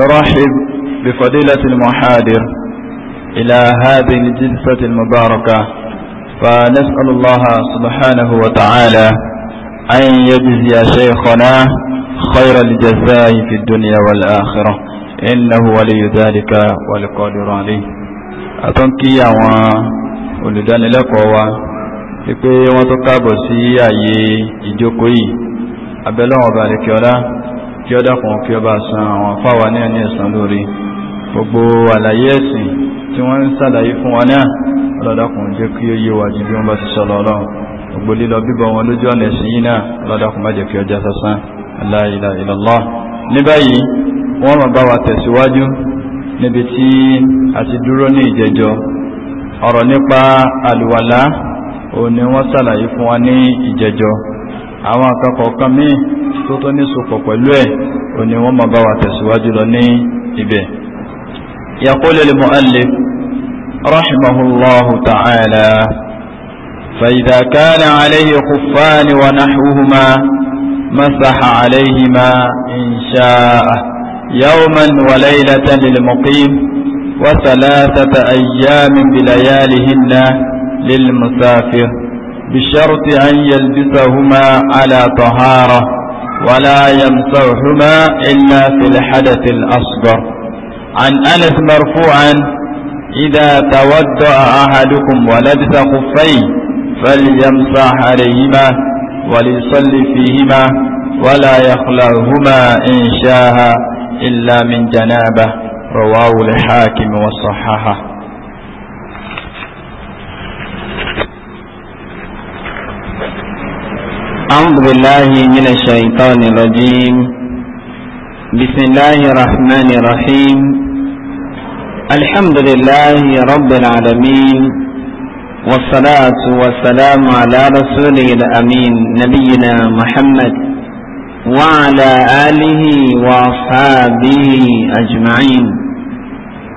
نرحب بفضيلة المحاضر إلى هذه الجلسة المباركة فنسأل الله سبحانه وتعالى أن يجزي شيخنا خير الجزاء في الدنيا والآخرة إنه ولي ذلك والقادر عليه أتنكي olùdánilẹ́kọ̀ọ́ wa wípé wọ́n tó káàbọ̀ sí ààyè ìjókòó yìí abẹ́lọ́wọ̀n ọba kí ó dákun kí ó bá san àwọn fáwa ní ẹni ẹ̀san lórí gbogbo àlàyé ẹ̀sìn tí wọ́n ń sàlàyé fún wa náà ọlọ́dàkùn jẹ́ kí ó yé wa jù bí wọ́n bá ti sọ lọ́lọ́run gbogbo lílọ bíbọ wọn lójú ọ̀nà ẹ̀sìn yìí náà ọlọ́dàkùn má jẹ́ kí ọjà sasán la ilaha ní báyìí wọ́n mọ̀ bá wa tẹ̀síwájú níbi tí a ti dúró ní ìjẹjọ ọ̀rọ̀ nípa àlùwàlá òun ni wọ́n sàlàyé fún wa ní ìjẹjọ àwọn akẹ́kọ̀ọ́kan míì tó tó ní sopọ̀ pẹ̀lú ẹ̀ ò ní wọ́n máa bá wa tẹ̀síwájú lọ ní ibẹ̀. yaqulu al-mu'allif rahimahullahu ta'ala فإذا كان عليه خفان ونحوهما مسح عليهما إن شاء يوما وليلة للمقيم وثلاثة أيام بليالهن للمسافر بشرط أن يلبسهما على طهارة ولا يمسحهما إلا في الحدث الأصغر عن أنس مرفوعا إذا تودع أحدكم ولبس خفين فليمسح عليهما وليصلي فيهما ولا يخلعهما إن شاء إلا من جنابه رواه الحاكم وصححه أعوذ بالله من الشيطان الرجيم بسم الله الرحمن الرحيم الحمد لله رب العالمين والصلاة والسلام على رسوله الأمين نبينا محمد وعلى آله وأصحابه أجمعين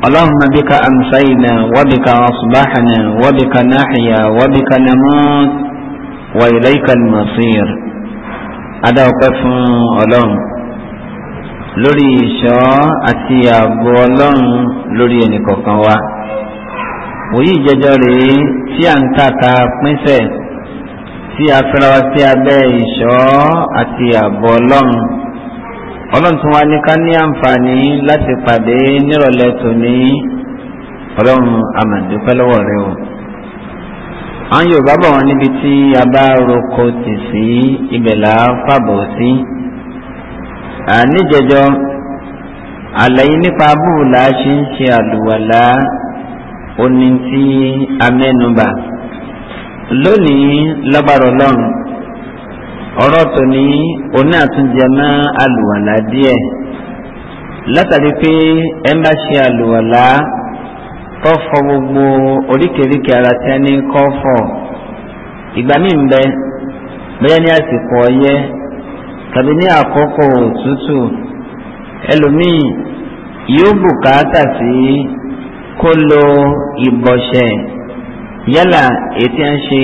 اللهم بك أمسينا وبك أصبحنا وبك نحيا وبك نموت wa ilayka al-masir adáwọ̀pẹ́ fún ọlọ́run lórí ìṣọ́ àti ààbò ọlọ́run lórí ẹnìkọ̀ọ̀kan wa òyì ìjẹjọ́ rèé tí à ń tàta pínṣẹ̀ tí a fẹ́ra wa sí abẹ́ ìṣọ́ àti ààbò ọlọ́run ọlọ́run tún wá ní ká ní àǹfààní láti pàdé nírọ̀lẹ́ tòní ọlọ́run àmàdúpẹ́ lọ́wọ́ rẹ o àwọn yorùbá bọ̀ wọn níbi tí a bá roko tì sí ibẹ̀ là á fàbọ̀ sí. níjẹjọ àlàyé nípa búùlà ṣe ń ṣe àlùwàlá oní tí a mẹ́nubà lónìí lágbára ọlọ́run ọ̀rọ̀ tòní oní àtúnjẹ mọ́ àlùwàlá díẹ̀ látàrí pé ẹ ń bá ṣe àlùwàlá kọfọ gbogbo oríkèéríkèé ara tẹ ní kọfọ ìgbà míì ń bẹ bẹ́ẹ̀ ní àsìkò ọyẹ́ tàbí ní àkókò òtútù ẹlòmíì yóò bùkátà sí kó lo ìbọ̀ṣẹ̀ yálà ètí à ṣe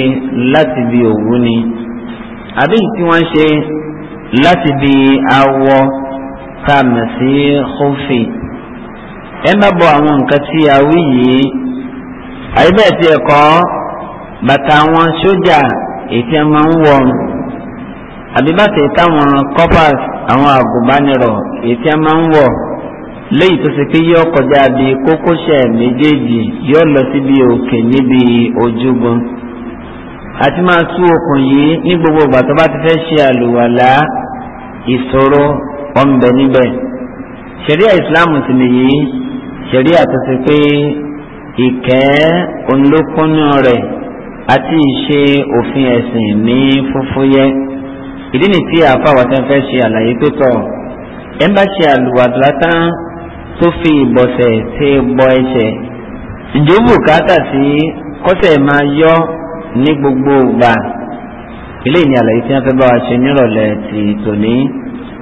láti bi òwú ni àbí tí wọ́n ṣe láti bi awọ tá sí kófì ẹ má bọ àwọn nǹkan tí a wí yìí àyíbẹ̀ tí ẹ kọ́ bàtà àwọn sójà ètí ẹ máa ń wọ̀ àbíbàtà táwọn coppers àwọn àgùnbánirọ̀ ètí ẹ máa ń wọ̀ léyìí tó ṣe pé yọ kọjá bíi kókósẹ̀ méjèèjì yọ lọ síbi òkè níbi ojúgun àti máa tú okùn yìí ní gbogbo ìgbà tó bá ti fẹ́ ṣe àlùwàlá ìṣòro ọ̀nbẹ níbẹ̀ ṣẹ̀ríà ìsìláàmù sì nìyí ṣẹ̀rí àtúnṣe pé ìkẹ́ olókùnú rẹ̀ àti ìṣe òfin ẹ̀sìn ní fúfúyẹ́ ìdí ni tí àfàwọ̀tẹ́ fẹ́ ṣe àlàyé pípọ̀ ẹ̀ńbàṣe àlùwàdúrà tán tó fi ìbọ̀sẹ̀ ṣe bọ ẹsẹ̀ ǹjẹ́ ó bùkátà sí kọ́sẹ̀ máa yọ ní gbogbo ìgbà eléyìí ni àlàyé tí wọ́n fẹ́ bá wa ṣe nírọ̀lẹ́ ti tòní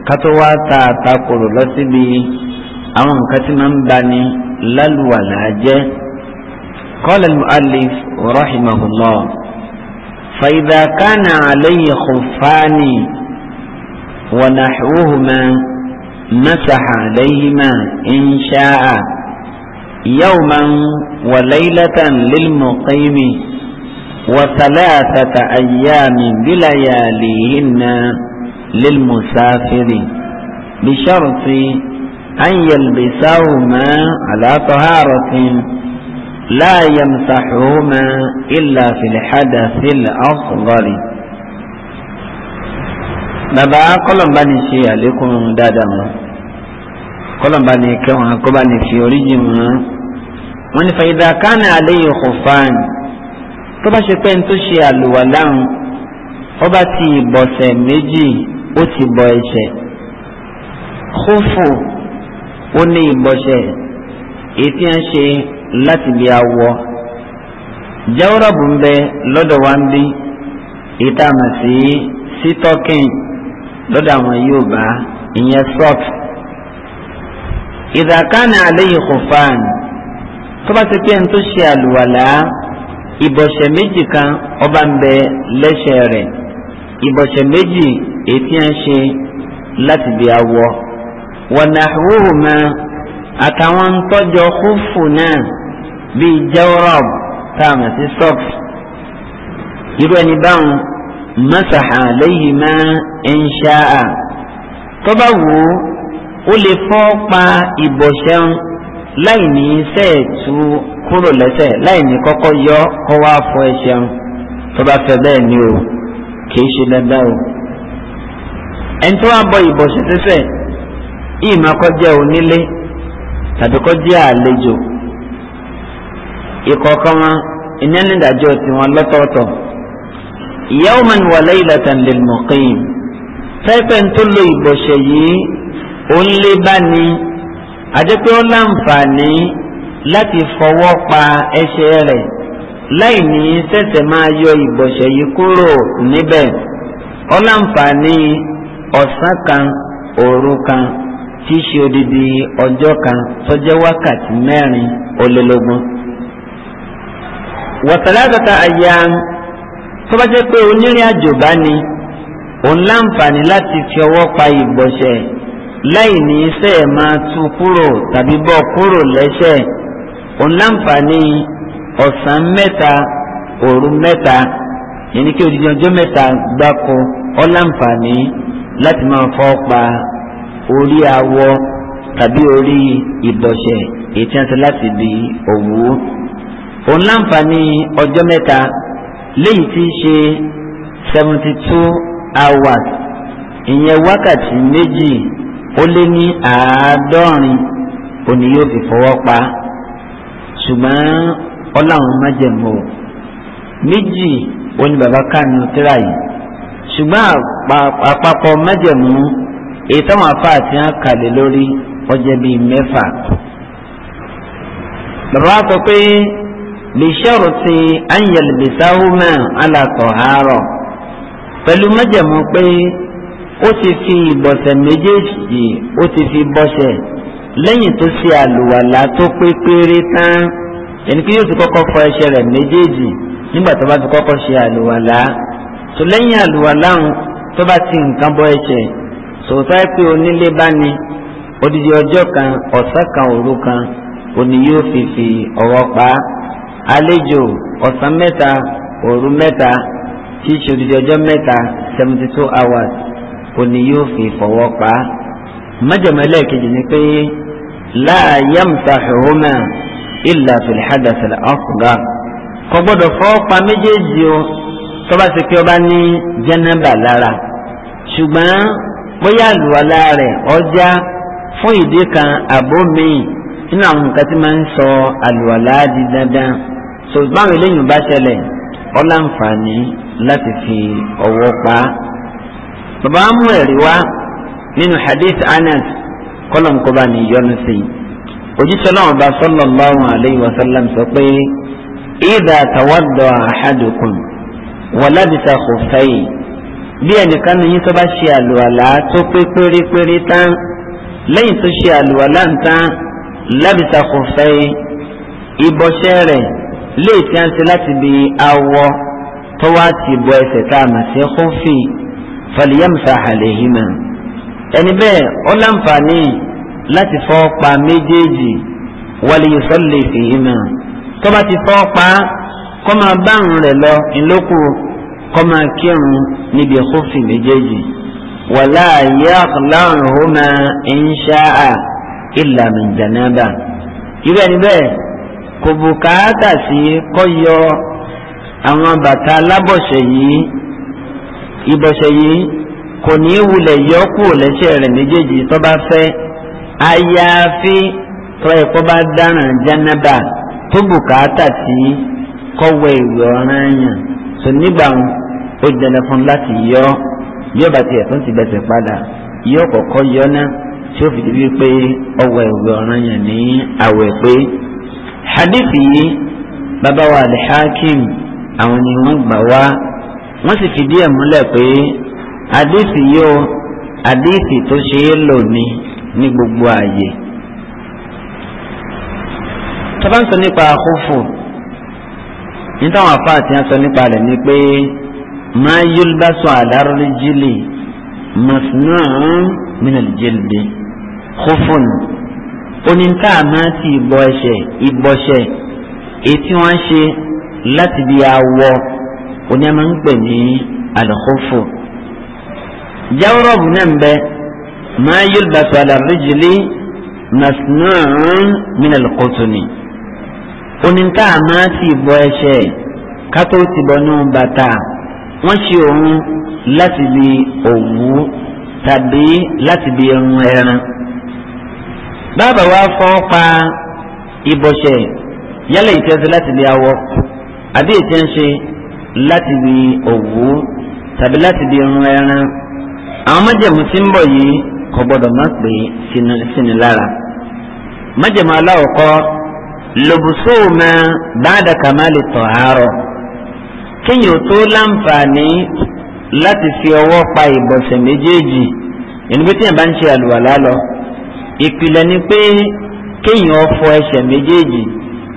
ká tó wá ta àtakòrò lọ síbi أمام كتما بني للولاجة قال المؤلف رحمه الله فإذا كان عليه خفان ونحوهما مسح عليهما إن شاء يوما وليلة للمقيم وثلاثة أيام بلياليهن للمسافر بشرط أن يلبسهما على طهارة لا يمسحهما إلا في الحدث الأصغر bàbá kọlọmba ni ṣe àlékún dáadáa wọn kọlọmba ni kẹwọn akọba ni fi oríjì wọn wọn ni fàyídà kánà àléyìn kòfàn tó bá ṣe pé n tó ṣe àlùwàláhùn ó bá ti bọ̀sẹ̀ méjì ó ti bọ̀ ẹ̀ṣẹ̀ kófò ó ní ìbọ̀ṣẹ̀ èyí tí wọ́n ṣe láti bí awọ jawrabu ń bẹ lọ́dọ̀ wa ń bí ìta mà sí sítọ́kìn lọ́dọ̀ àwọn Yorùbá ìyẹn sọ́ọ̀t ìdàkánà àléyìn kòfàn tó bá ti pé ẹni tó ṣe àlùwàlá ìbọ̀ṣẹ̀ méjì kan ọba ń bẹ lẹ́sẹ̀ rẹ̀ ìbọ̀ṣẹ̀ méjì èyí tí wọ́n ṣe láti bí awọ wọ̀nàhùhùmá àtàwọn tọ́jọ húfù náà bíi jẹ́wọ́rọ̀b tá a mọ̀ sí sọ́ọ̀f. irú ẹni báwọn mọ́sàá lẹ́yìn máa ń ṣáà tó bá wù ú ó lè fọ́ pa ìbọ̀ṣẹ́un láì ní sẹ́ẹ̀tú kúrò lẹ́sẹ̀ láì ní kọ́kọ́ yọ kọ́ wá fọ ẹ̀ṣẹ̀un tó bá fẹ́ bẹ́ẹ̀ ni o kì í ṣe dandan o. ẹni tó wá bọ ìbọ̀ṣẹ́ sẹ́sẹ̀ ìmọ̀ kọjá onílé tàbí kọjá àlejò ìkọ̀ọ̀kan wọn iná nídàájọ́ tiwọn lọ́tọ̀ọ̀tọ̀ yawman wa laylatan lil muqim fẹ́fẹ́ tó lo ìbọ̀ṣẹ̀ yìí ó ń lé bá ní àdépé ó láǹfààní láti fọwọ́ pa ẹsẹ̀ rẹ̀ láì ní sẹ̀sẹ̀ máa yọ ìbọ̀ṣẹ̀ yìí kúrò níbẹ̀ ó láǹfààní ọ̀sán kan òru kan tí í ṣe odidi ọjọ́ kan tọ́jẹ́ wákàtí mẹ́rin ó lé lógún. wọ̀tàlátàtà àyà tó bá jẹ́ pé onírìn àjò bá ní òun láǹfààní láti fi ọwọ́ pa ìgbọ̀nsẹ̀ láì ní iṣẹ́ máa tú kúrò tàbí bọ́ kúrò lẹ́sẹ̀ òun láǹfààní ọ̀sán mẹ́ta òru mẹ́ta yẹn ni kí odidi ọjọ́ mẹ́ta gbáko ọ̀ láǹfààní láti máa fọ́ pa orí awọ tàbí orí ìbọ̀sẹ̀ èyí tí wọ́n ti láti bi òwú. òun láǹfààní ọjọ́ mẹ́ta léyìí tí ṣe seventy two hours ìyẹn wákàtí méjì ó lé ní àádọ́rin òní yóò fi fọwọ́ pa ṣùgbọ́n ọláwọn májẹ̀mú o méjì ó ní bàbá kánú tíra yìí ṣùgbọ́n àpapọ̀ májẹ̀mú èyí táwọn afáà ti hàn kalẹ̀ lórí ọjọ́ bíi mẹ́fà. bàbá wa sọ pé bìṣẹ́rù ti anyalbisáhùmá alákọ̀ọ́hárọ̀ pẹ̀lú májẹ̀mú pé ó ti fi ìbọ̀sẹ̀ méjèèjì ó ti fi bọ́sẹ̀ lẹ́yìn tó ṣe àlùwàlá tó pé péré tán ẹni pé yóò ti kọ́kọ́ fọ ẹsẹ̀ rẹ̀ méjèèjì nígbà tó bá ti kọ́kọ́ ṣe àlùwàlá tó lẹ́yìn àlùwàlá tó bá ti nǹkan bọ́ ẹsẹ̀ sòtá pé onílé bá ní odidi ọjọ́ kan ọ̀sán kan òru kan òní yóò fi fi ọwọ́ pa á àlejò ọ̀sán mẹ́ta òru mẹ́ta tí odidi ọjọ́ mẹ́ta seventy two hours òní yóò fi fọwọ́ pa á májàmẹ́lẹ̀ kejì ni pé láàyè mùsàfihùmá ìlà fìlìhàdà fìlà ọ̀kùnga kò gbọ́dọ̀ fọwọ́ pa méjèèjì o tó bá pé ó ní jẹ́nẹ́bà lára ṣùgbọ́n bóyá àlùwàlá rẹ̀ ọjà fún ìdí kan àbó míì nínú àwọn nǹkan tí máa ń sọ àlùwàlá di dandan so báwọn eléyìí bá ṣẹlẹ̀ ó láǹfààní láti fi ọwọ́ pa á. bàbá mú ẹ̀rí wá nínú hadith anas kọ́lọ̀nkọ́ba ní ìyọnu sí i òjíṣẹ́ náà bá sallallahu alayhi wa sallam sọ pé idha tawadda ahadukum wa labisa khuffayhi bí ẹnìkan ní yín tó bá ṣe àlùwàlá tó pé pérépéré tán lẹ́yìn tó ṣe àlùwàlá ńtán lábìsà kò fẹ́ ìbọ̀ṣẹ́ rẹ̀ léè tí a ń ṣe láti bi awọ tó wá ti bọ ẹsẹ̀ tá a mà sí kófì fàlìyàmùsà àlèhìmà ẹni bẹ́ẹ̀ ó láǹfààní láti fọ́ pa méjèèjì wàlẹ̀ ìsọ̀lẹ̀ fìhìmà tó bá ti fọ́ pa kó máa bá àrùn rẹ̀ lọ ìlókù kọ́má kírun níbi kófì méjèèjì wàlá yàkùláhùn hùmà ìnṣáà ìlà min janaba irú ẹni bẹ́ẹ̀ kò bùkátà sí kọ́yọ àwọn bàtà alábọ̀ṣẹ̀ yìí ìbọ̀ṣẹ̀ yìí kò ní í wulẹ̀ yọ kúrò lẹ́sẹ̀ rẹ̀ méjèèjì tó bá fẹ́ àyàfi tó ẹ̀kọ́ bá dáràn janaba tó bùkátà sí kọ́wé ìwé ọ̀ranyàn sọ nígbà ó dandan fún láti yọ yọ bá tiẹ̀ tó ti gbẹ̀sẹ̀ padà yọ kọ̀kọ́ yọ náà tí ó fi di wípé ọwọ́ ìwé ọ̀ràn yẹn ní àwẹ̀ pé hadithi yìí bàbá wa al-Hakim àwọn ni wọ́n gbà wá wọ́n sì fìdí ẹ̀ múlẹ̀ pé hadithi yìí hadithi tó ṣe é lò ní ní gbogbo ààyè. tọ́ba nípa àkófò nítawọn afáà tí wọn sọ nípa rẹ̀ ni pé máa yúlbásọ àlárújílì mọ̀sánán mìnàlìjẹ́lìdẹ́ kófóònù oníta máa ti ìbọ ẹsẹ̀ ìbọṣẹ̀ ètí wọn ṣe láti bí awọ oní ẹ̀ma ń pè ní àlùkòfò jáwúrọ̀bù náà ń bẹ máa yúlbásọ àlárújílì mọ̀sánán mìnàlìkòtòní. oni nka amaa si bɔ ɛhyɛ kato bata wɔn si ohun lati bi owu tabi lati bi ɛhun ɛran baaba wa fɔ pa ibɔhyɛ yala itɛnse lati bi awɔ abe itɛnse lati bi owu tabi lati bi ɛhun ɛran àwọn mẹjẹmu ti ń yi yìí kọ gbọdọ má pè é lòbùsọ́ọ̀mọ báàdà kàmáàlì tọ̀hárọ̀ kínyìn tó láǹfààní láti fi ọwọ́ pa ìbọ̀sẹ̀ méjèèjì ìnúgbé tí yẹn bá ń ṣe àlùwàlá lọ ìpìlẹ̀ ni pé kínyìn ọfọ ẹsẹ̀ méjèèjì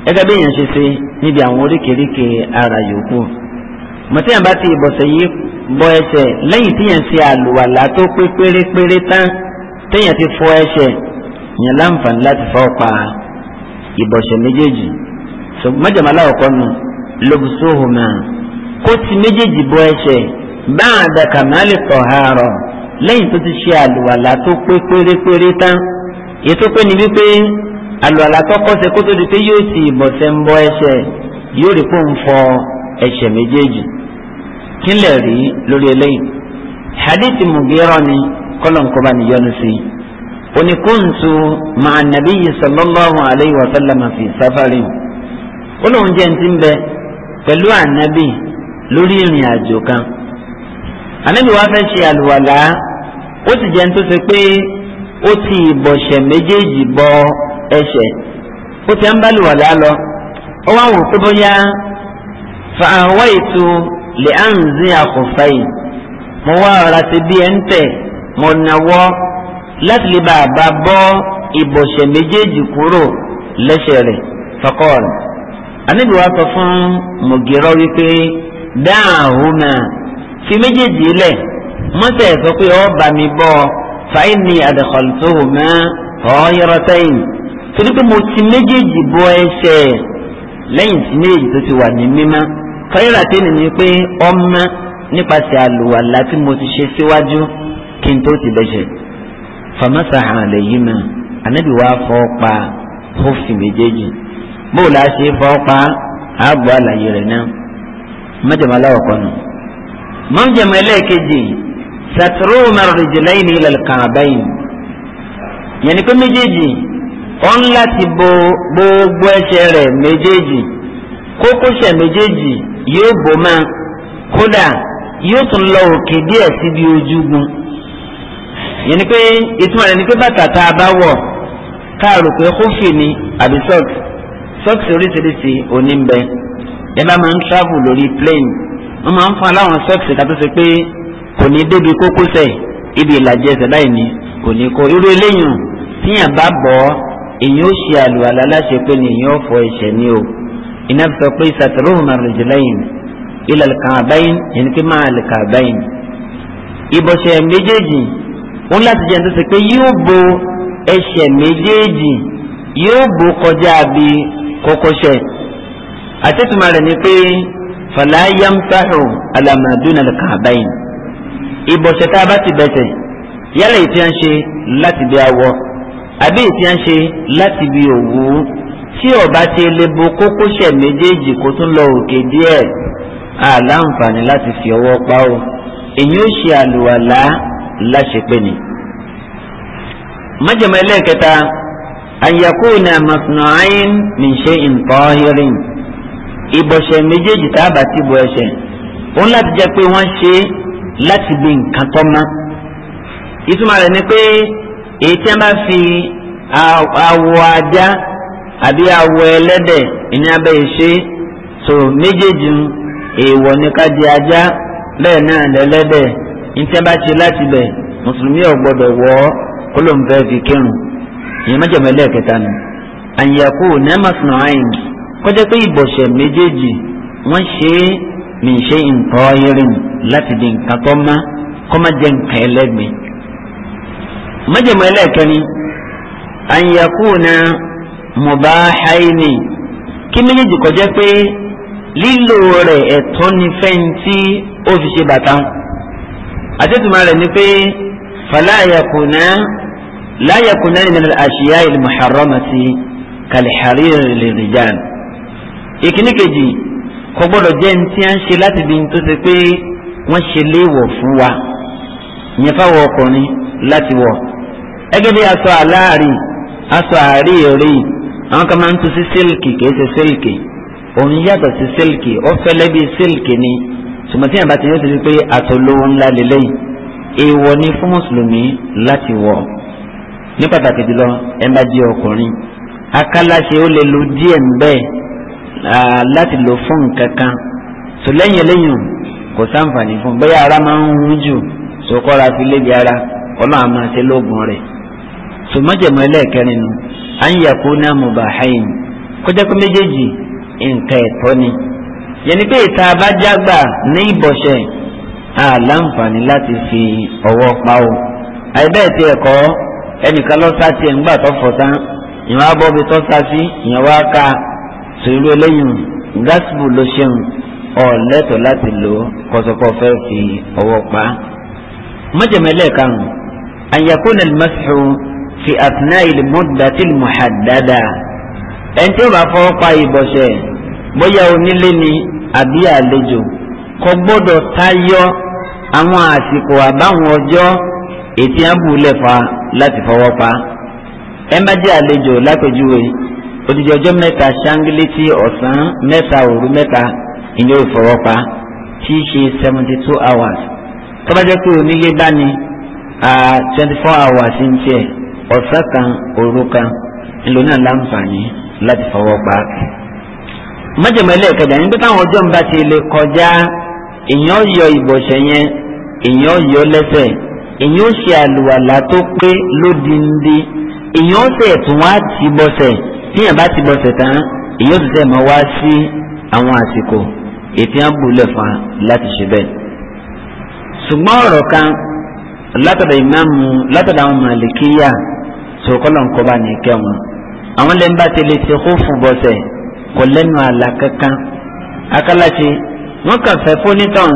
ẹgbẹ́ bí yẹn ṣe ṣe níbi àwọn oríkèéríkè ara yòókù mọ̀tí yẹn bá ti ìbọ̀sẹ̀ yìí bọ ẹsẹ̀ lẹ́yìn tí yẹn ṣe àlùwàlá tó pé pérépéré tán téèyàn ti fọ ẹsẹ̀ yẹn láǹfààní láti fọ́ pa á ìbọ̀sẹ̀ méjèèjì mọ́jàmálà ọ̀kọ́ nù lóbùsóhùnmá kó ti méjèèjì bọ ẹsẹ̀ báà dàkà má lè tọ̀ àárọ̀ lẹ́yìn tó ti ṣe àlùwàlà tó pé pérépéré tán ètò pé ni wípé àlùwàlà tó kọ́sẹ̀ kó tó di pé yóò ti ìbọ̀sẹ̀ ń bọ ẹsẹ̀ yóò rí pò ń fọ ẹsẹ̀ méjèèjì kí lè rí lórí eléyìí hadith mugira ni kọ́lọ̀ ń kọ́ bá níyọnu sí i oni kuntu ma'a nabiyyi sallallahu alayhi wa sallam fi safarin ó lóun jẹ́ ntí bẹ pẹ̀lú ànábì lórí ìrìn àjò kan ànábì wa fẹ́ ṣe àlùwàlá ó sì jẹ́ ntó ṣe pé ó ti ìbọ̀ṣẹ̀ méjèèjì bọ ẹsẹ̀ ó ti ń bá àlùwàlá lọ ó wá wò pé bóyá fàáwá ètò lè à ń zí àkùfà yìí mo wá ọ̀rá ti bí ẹ̀ ń tẹ̀ mo nàwọ́ láti lè bàbá bọ́ ìbọ̀sẹ̀ méjèèjì kúrò lẹ́sẹ̀ rẹ̀ faqal Ànábì wa sọ fún Mugira wípé dáhùnà fi méjèèjì lẹ̀ mọ́tẹ̀ sọ pé ọ́ bá mi bọ́ fa inni adkhaltuhuma tahiratayn torí pé mo ti méjèèjì bọ ẹsẹ̀ lẹ́yìn tí méjèèjì tó ti wà ní mímọ́ tahiratayn ni pé ọmọ nípasẹ̀ àlùwàlá tí mo ti ṣe síwájú kí n tó ti bẹ̀ṣẹ̀ famasaha alayhima anabi wa fọ́ pa hófì méjèèjì bóòlù àṣẹ fọ́ pa àbọ̀ àlàyé rẹ̀ náà mẹjọba aláwọ̀ kan nù. mọ́jọba ẹlẹ́ẹ̀kejì satruma rijlayni ila al-ka'bayn yẹnni pé méjèèjì ó ń láti bo gbogbo ẹsẹ̀ rẹ̀ méjèèjì kókósẹ̀ méjèèjì yóò bò máa kódà yóò tún lọ òkè díẹ̀ síbi ojúgun yẹn ni pé ìtumọ̀ rẹ̀ ni pé bàtà tá a bá wọ̀ káàrò pé kófì ni àbí sọ́ọ̀kì sọ́ọ̀kì oríṣiríṣi òní ń bẹ ẹ bá máa ń travel lórí plane wọ́n máa ń fún aláwọn sọ́ọ̀kì kátó ṣe pé kò ní débi kókósẹ̀ ibi ìlàjì ẹsẹ̀ báyìí ni kò ní kó irú eléyìn tíyàn bá bọ̀ ọ́ èyí ó ṣe àlùwàlà láṣẹ pé ni èyí ó fọ ẹ̀ṣẹ̀ ni o iná sọ pé sàtúrùn màrìjì lẹ́yìn ilẹ̀ kàbáyìn ẹni pé máa lè kàbáyìn ibọ̀ṣẹ̀ méjèèjì wọn láti jẹ́ tó ṣe pé yóò bo ẹsẹ̀ méjèèjì yóò bo kọjá bí kókósẹ̀ àtẹ̀tùmọ̀ rẹ̀ ni pé fala yamtahu ala ma duna al-ka'bayn ìbọ̀sẹ̀ tá a bá ti bẹ̀sẹ̀ yálà ìtí à ń ṣe láti bí awọ àbí ìtí à ń ṣe láti bí òwú tí ọba ti lè bo kókósẹ̀ méjèèjì kó tún lọ òkè díẹ̀ àlàǹfààní láti fi ọwọ́ pa ó èyí ó ṣe àlùwàlá láṣepé ni. májèmọ ẹlẹ́ẹ̀kẹta ayakuna masnu'ain min shay'in tahirin ìbọ̀sẹ̀ méjèèjì tá a bá ti bọ ẹsẹ̀ òun láti jẹ́ pé wọ́n ṣe láti bí nǹkan tó mọ́ ìtumọ̀ rẹ̀ ni pé èyí tí wọ́n bá fi awọ ajá àbí awọ ẹlẹ́dẹ̀ ìní abẹ́ ìṣe tó méjèèjì èèwọ̀ ní ká di ajá bẹ́ẹ̀ náà lẹ́lẹ́dẹ̀ ntẹ́ bá ṣe láti bẹ̀ mùsùlùmí ò gbọ́dọ̀ wọ̀ ọ́ kó ló ń fẹ́ fi kírun ìyẹn mẹ́jọba ẹlẹ́ẹ̀kẹta ni. àyẹ̀kú nẹ́ẹ̀másùn àìn kọjá pé ìbọ̀ṣẹ̀ méjèèjì wọ́n ṣe é mi ṣe nǹkan irin láti di nǹkan tó má kọ́ má jẹ́ nǹkan ẹlẹ́gbẹ̀ẹ́. mẹ́jọba ẹlẹ́ẹ̀kẹni àyẹ̀kú na mùbáháìní kí méjèèjì kọjá pé lílò rẹ̀ ẹ̀tọ́ ni fẹ́ǹtì ó fi ṣe bàtà àtẹ̀tùmá rẹ̀ ni pé fàlà àyàkùnà láyàkùnà ìmọ̀lẹ̀ àṣìyá ìlmùhàrọ́mọ̀tì kàlìhàrí lèrìjàn. ìkíní kejì kò gbọ́dọ̀ jẹ́ ní tí a ń ṣe láti bí tó ṣe pé wọ́n ṣe léèwọ̀ fún wa ìyẹn fáwọn ọkùnrin láti wọ̀. ẹgẹ́ bí aṣọ àláàrí aṣọ àárí èrè àwọn kan máa ń tu sí sílìkì kìí ṣe sílìkì òun yàtọ̀ sí sílìkì ó fẹ́lẹ́ bí sílìkì ni ṣùgbọ́n tí yàrá ti yóò ti di pé àtolówó ńlá lélẹ́yìn èèwọ̀ ni fún mùsùlùmí láti wọ̀ ní pàtàkì jùlọ ẹ bá di ọkùnrin akáláṣe ó lè lo díẹ̀ ńbẹ́ láti lò fún nǹkan kan tó lẹ́yìn lẹ́yìn kò sáǹfààní fún bóyá ara máa ń hun jù sòkòrò àfi lébi ara ọlọ́run àmọ́ ṣe lóògùn rẹ̀ sòmọ́jẹ̀mọ́ ẹlẹ́ẹ̀kẹrin nu à ń yàkó náà mọ̀ bàháyìn kó pé méjèèjì nǹkan ẹ̀tọ́ ni yẹni pé ìta abájágbà ní ìbọ̀ṣẹ̀ àlàǹfààní láti fi ọwọ́ pa o àìbẹ́ẹ̀ tí ẹ̀kọ́ ẹnìkan lọ sá tiẹ̀ ńgbà tó fọ̀ tán ìyẹn wá bọ́bi tó sá sí ìyẹn wá ka sòrò lẹ́yìn gásìbù ló ṣeun ọ̀lẹ́tọ̀ láti lò kọ́sọ́kọ́ fẹ́ fi ọwọ́ pa. mọ́jẹ̀mẹ́lẹ̀ kan àyàkùn al-mashu fi àtúnáyìlì mọ́dàtìlì mọ̀hàdàdà ẹni tí ó bá fọwọ́ pa ìbọ̀ṣẹ̀ bóyá onílé ni àbí àlejò kò gbọ́dọ̀ tayọ àwọn àsìkò àbáwọn ọjọ́ ètí abúlé fa láti fọwọ́ pa ẹ má jẹ́ àlejò lápèjúwe odidi ọjọ́ mẹ́ta ṣáńgílétì ọ̀sán mẹ́ta òru mẹ́ta ìní òfọwọ́pa tí í ṣe seventy two hours tó bá jẹ́ pé onílé bá ní twenty four hours ń tiẹ̀ ọ̀sán kan òru kan ńlò náà láǹfààní láti fọwọ́ pa májèmọ́ ẹlẹ́ẹ̀kẹjà ní pé táwọn ọjọ́ ń bá ti lè kọjá èèyàn yọ ìbọ̀sẹ̀ yẹn èèyàn yọ lẹ́sẹ̀ èèyàn ó ṣe àlùwàlà tó pé lódindi èèyàn ó sẹ̀ tún wá ti bọ̀sẹ̀ tíyàn bá ti bọ̀sẹ̀ tán èèyàn ó sì sẹ̀ mọ́ wá sí àwọn àsìkò ètí á bùlẹ̀ fún láti ṣe bẹ́ẹ̀. ṣùgbọ́n ọ̀rọ̀ kan látọ̀dọ̀ ìmáàmù látọ̀dọ̀ àwọn màlìkíyà sọ̀kọ́lọ̀ ńkọ́ kò lẹ́nu àlà kankan akálàṣe wọ́n kàn fẹ́ fónítàn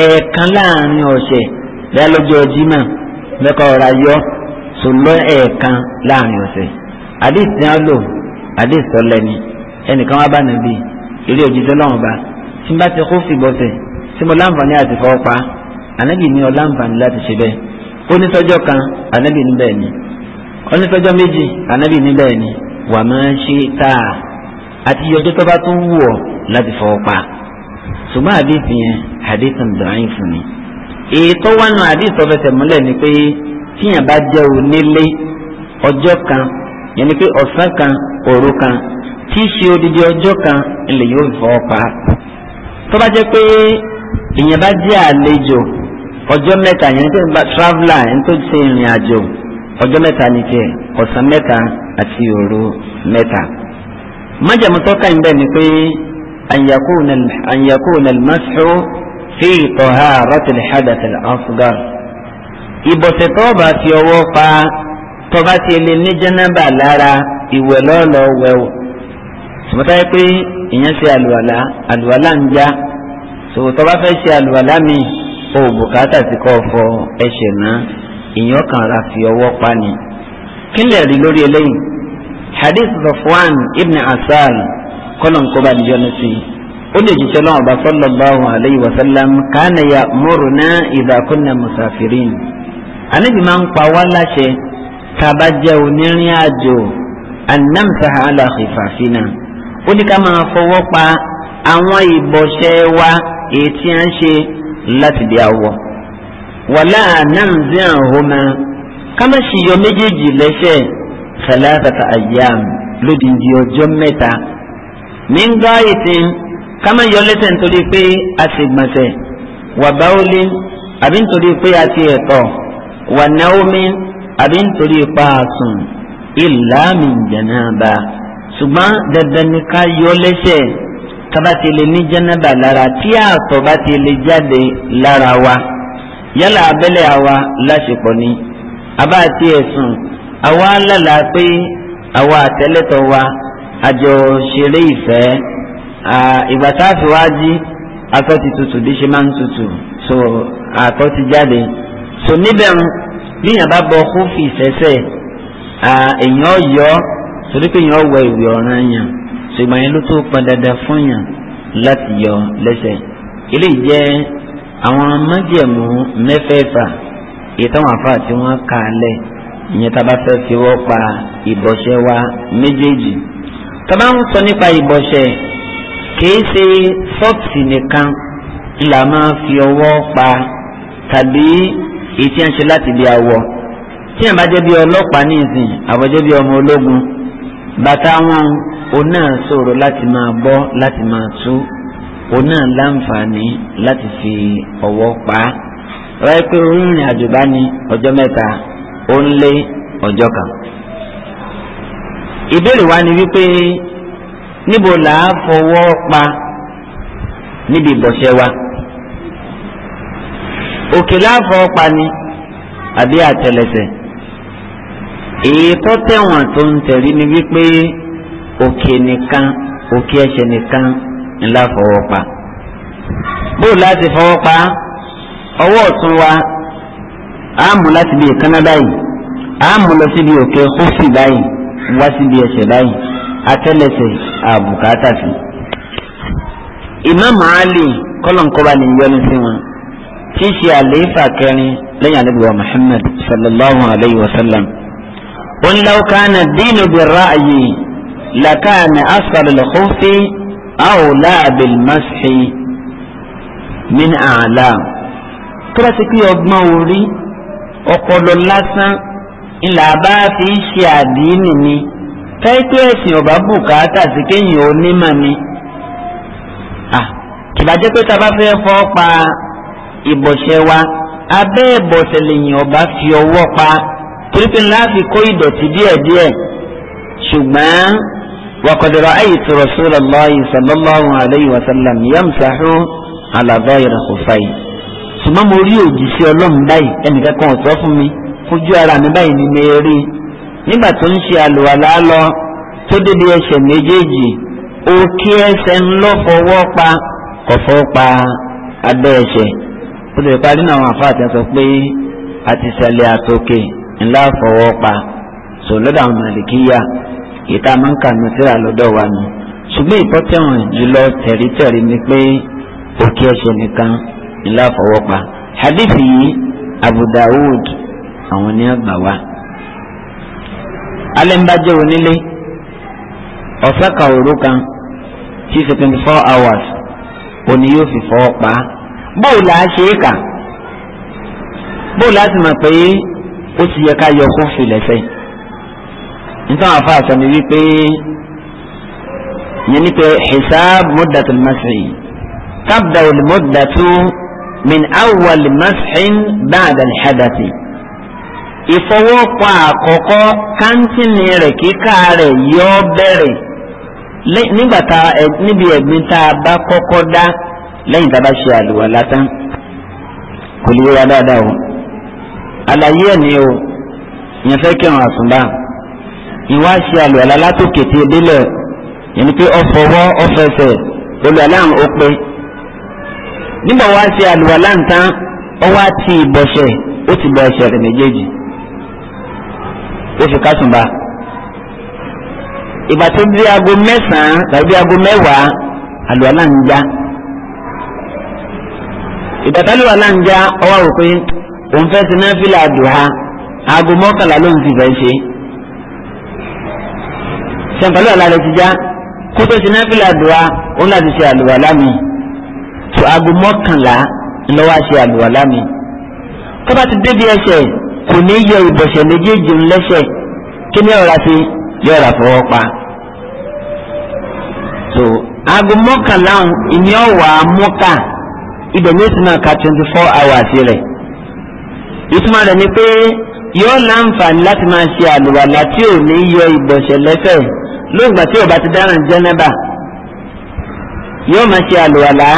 ẹ̀ẹ̀kan láàrin ọ̀sẹ̀ bẹ́ẹ̀ lọ́jọ́ jimá lẹ́kọ̀ọ́ ọ̀rá yọ sùnlọ́ ẹ̀ẹ̀kan láàrin ọ̀sẹ̀ àdéhùn tí wọ́n lò àdéhùn sọ́lẹ́ni ẹnìkan wá bá nàbí eré òjijì lọ́wọ́n bá tí n bá ti kó fìbọ̀ tẹ̀ tí mo láǹfààní àti fọwọ́ pa ànábì ní ọláǹfààní láti ṣe bẹ́ẹ̀ ó kan ànábì ní bẹ́ẹ̀ ni ó ní sọ́jọ́ méjì ànábì ní bẹ́ẹ̀ ni wà máa ń ṣe tá àti iye ọjọ́ tó bá tún wù ọ́ láti fọwọ́ pa ṣùgbọ́n hadith yẹn hadith dọ̀rin fún ni ètò wánu hadith ọ̀fẹsẹ̀ múlẹ̀ ni pé tíyàn bá jẹ́ onílé ọjọ́ kan yẹn ni pé ọ̀sán kan òru kan tí í ṣe odidi ọjọ́ kan ilẹ̀ yóò fọwọ́ pa tó bá jẹ́ pé ìyẹn bá jẹ́ àlejò ọjọ́ mẹ́ta yẹn tó ń bá traveller ẹni tó ṣe ìrìn àjò ọjọ́ mẹ́ta ni tiẹ̀ ọ̀sán mẹ́ta àti òru mẹ́ta májàmú tọ́ka ń bẹ̀ ni pé ànyàkùn almasxu fi taharati alhadath al-asghar ìbọ̀sẹ̀ tọ́ọ̀bà ti ọwọ́ pa tọ́ba ti lè ní jẹ́nàbà lára ìwẹ̀ lọ́ọ̀lọ́ wẹ̀wò sọmọtà yẹ pé ìyẹn ṣe àlùwàlà àlùwàlà ń já sọwọ́ tọ́ba fẹ́ ṣe àlùwàlà mi ò bùkátà sí kọ́ fọ ẹsẹ̀ náà ìyẹn ọkàn ra fi ọwọ́ pa ni kí lè rí lórí eléyìí hadith Safwan ibn Asal kọ́nọ̀n kó bá níjọ́ ní sí ó lè jíṣẹ́ lọ́wọ́ bá sallallahu alayhi wa sallam kana ya'muruna idha kunna musafirin àníbi máa ń pa wá láṣẹ tàbá jẹ́ onírìn àjò annamsaha ala khifafina ó ní ká máa fọwọ́ pa àwọn ìbọ̀ṣẹ́ wa èyí a ń láti di awọ wàlá anamzi àhóma ká má ṣiyọ méjèèjì lẹ́sẹ̀ salasata ayyam lódìndí ọjọ́ mẹ́ta min gaayatin kama yọ lẹ́sẹ̀ nítorí pé a sì gbọ̀nsẹ̀ wà báwọlé àbí nítorí pé a ti ẹ̀tọ́ wà náwómi àbí nítorí pa àsùn ìlà min janaba ṣùgbọ́n dandan ni ká yọ lẹ́sẹ̀ kaba ti lè ní janaba lára tí àtọ̀ bá ti lè jáde lára wa yálà abẹ́lẹ̀ àwa láṣepọ̀ ni abá ti ẹ̀sùn àwa lálàá pé àwa àtẹ́lẹ́tọ̀ wa àjọ ṣeré ìfẹ́ ìgbà tá a fi wá jí atọ́ ti tutù bí ṣe máa ń tutù so àtọ́ ti jáde so níbẹ̀ bíyàn bá bọ fi sẹ́sẹ̀ èèyàn yọ torí pé èèyàn wọ ìwé ọ̀ràn yàn ṣùgbọ́n yẹn ló tó pọn dandan fún yàn láti yọ lẹ́sẹ̀ eléyìí jẹ́ àwọn májẹ̀mú mẹ́fẹ̀ẹ̀fà èyí táwọn tí wọ́n kà á lẹ̀ ìyẹn tá a bá fẹ́ fi ọwọ́ pa ìbọ̀ṣẹ́ wa méjèèjì tá a bá ń sọ nípa ìbọ̀ṣẹ́ kìí ṣe sọ́ọ̀tì nìkan là máa fi ọwọ́ pa tàbí èyí tí a ń ṣe láti bí awọ tí yẹn bá jẹ́ bí ọlọ́pàá ní ìsìn àbọ̀jẹ́ bí ọmọ ológun bàtà wọn òun náà ṣòro láti máa bọ́ láti máa tú òun náà láǹfààní láti fi ọwọ́ pa á. pé orí ìrìn àjò bá ní ọjọ́ mẹ́ta ó ń lé ọjọ́ kan. ìbéèrè wa ni wípé níbo là á fọwọ́ pa níbi ìbọ̀sẹ̀ wa òkè láàfọwọ́ pa ni àbí àtẹlẹsẹ̀ èyí tó tẹ̀wọ̀n tó ń tẹ̀rí ni wípé òkè nìkan òkè ẹsẹ̀ nìkan ńlá fọwọ́ pa bóòlù láti fọwọ́ pa ọwọ́ ọ̀tún wa a mú láti bí èékánná báyìí a mú lọ síbi òkè kófì báyìí wá síbi ẹsẹ̀ báyìí atẹ́lẹsẹ̀ àbùkátà sí. Imam Ali kọ́lọ̀nkọ́ba ni yọnu sí wọn tí í ṣe àlééfà kẹrin lẹ́yìn àlébùwà Muhammad sallallahu alayhi wa sallam. wọ́n law kana ad-dinu bir-ra'yi lakana asfal al-khuffi awla bil min a'la. tó bá ti pín ọgbọ́n ọpọlọ lásán ńlá bá fi ń ṣe àdínì ni táìpé ẹ̀sìn ọ̀bá bùkátà sí kéyìn onímọ̀ ni. kìbàjẹ́ pé tá a bá fẹ́ fọ́ pa ìbọ̀sẹ̀ wa abẹ́ ìbọ̀sẹ̀ lèyìn ọ̀bá fi ọwọ́ pa torípé ńlá kó ìdọ̀tí díẹ̀díẹ̀ ṣùgbọ́n وقد رأيت رسول الله صلى الله عليه وسلم يمسح على ظاهر خفيه ṣùgbọ́n mo rí òjìṣẹ́ ọlọ́run báyìí ẹnìkan kan fún mi fojú ara mi báyìí ni mi rí i nígbà tó ń ṣe àlùwàlá lọ tó débi ẹsẹ̀ méjèèjì ó kí ẹsẹ̀ ńlọ fọwọ́ pa kọ̀fọ́ pa abẹ́ ẹsẹ̀ ó lè parí náà àwọn àfa àti sọ pé àti sẹlẹ̀ àtòkè ńlá fọwọ́ pa sọ àwọn màlìkíyà ìta máa ní síra lọ́dọ̀ wa nù ṣùgbọ́n ìtọ́tẹ̀wọ̀n jùlọ tẹ̀rítẹ̀rí ni pé òkè ẹsẹ̀ nìkan ńlá fọwọ́pa hadith yìí Abu Dawud àwọn ni àgbà wa alẹ́nbàjẹ́ onílé ọ̀sàkà òru kan tí twenty four hours òní yóò fi fọwọ́pa bóòlù àṣeéka bóòlù àti mọ̀ pé ó ti yẹ ká yọ kó filẹ̀ sẹ́yìn nítorí àwọn afáàsọ ni wípé yẹn ní pé hisab muddatul masi tabda al min awwal mas'in ba'da al-hadathi ìfọwọ́pa àkọ́kọ́ kántìní rẹ̀ kíkà rẹ̀ yọ bẹ̀rẹ̀ nígbà tá níbi ẹ̀gbin tá a bá kọ́kọ́ dá lẹ́yìn tá a bá ṣe àlùwàlá tán kò lè wá dáadáa o àlàyé ẹ̀ ni o yẹn fẹ́ kí wọn àsùnbà ìwà ṣe àlùwàlá látòkè tí délẹ̀ yẹn ni pé ọ̀fọ̀wọ́ ọ̀fẹsẹ̀ olùwàlá àwọn ó pé nígbà wá sí àlùwàlá ntán ọwọ́ àti ìbọ̀sẹ̀ ó ti bọ ẹsẹ̀ rẹ̀ méjèèjì ó fi kásùnbà ìgbà tó bí aago mẹ́sàn-án tàbí aago mẹ́wàá àlùwàlá ń já ìgbà tó àlùwàlá ń já ọwọ́ rò òun fẹ́ ti náfìlà àdùhà aago mọ́kànlá ló ń ti fẹ́ ṣe sẹ̀ǹpẹ̀lú àlá ti já kótó ti náfìlà àdùhà ó láti ṣe àlùwàlá mi so aago mọ́kànlá ńlọ́wọ́ àṣẹ àlùwàlá mi tọ́ba ti débi ẹsẹ̀ kò ní yọ ìbọ̀sẹ̀ méjèèjì ńlẹ́sẹ̀ kí ni ọ̀rá fi yọ̀rá fọwọ́ pa so aago mọ́kànlá ìní ọ̀wà mọ́kà ibẹ̀ náà ka twenty four hours rẹ̀ ìtumọ̀ rẹ̀ ni pé yóò láǹfààní láti máa ṣe àlùwàlá tí ò ní yọ ìbọ̀sẹ̀ lẹ́sẹ̀ lóògbà tí ó bá ti dáràn jẹ́nẹ́bà yóò máa ṣe àlùwàlá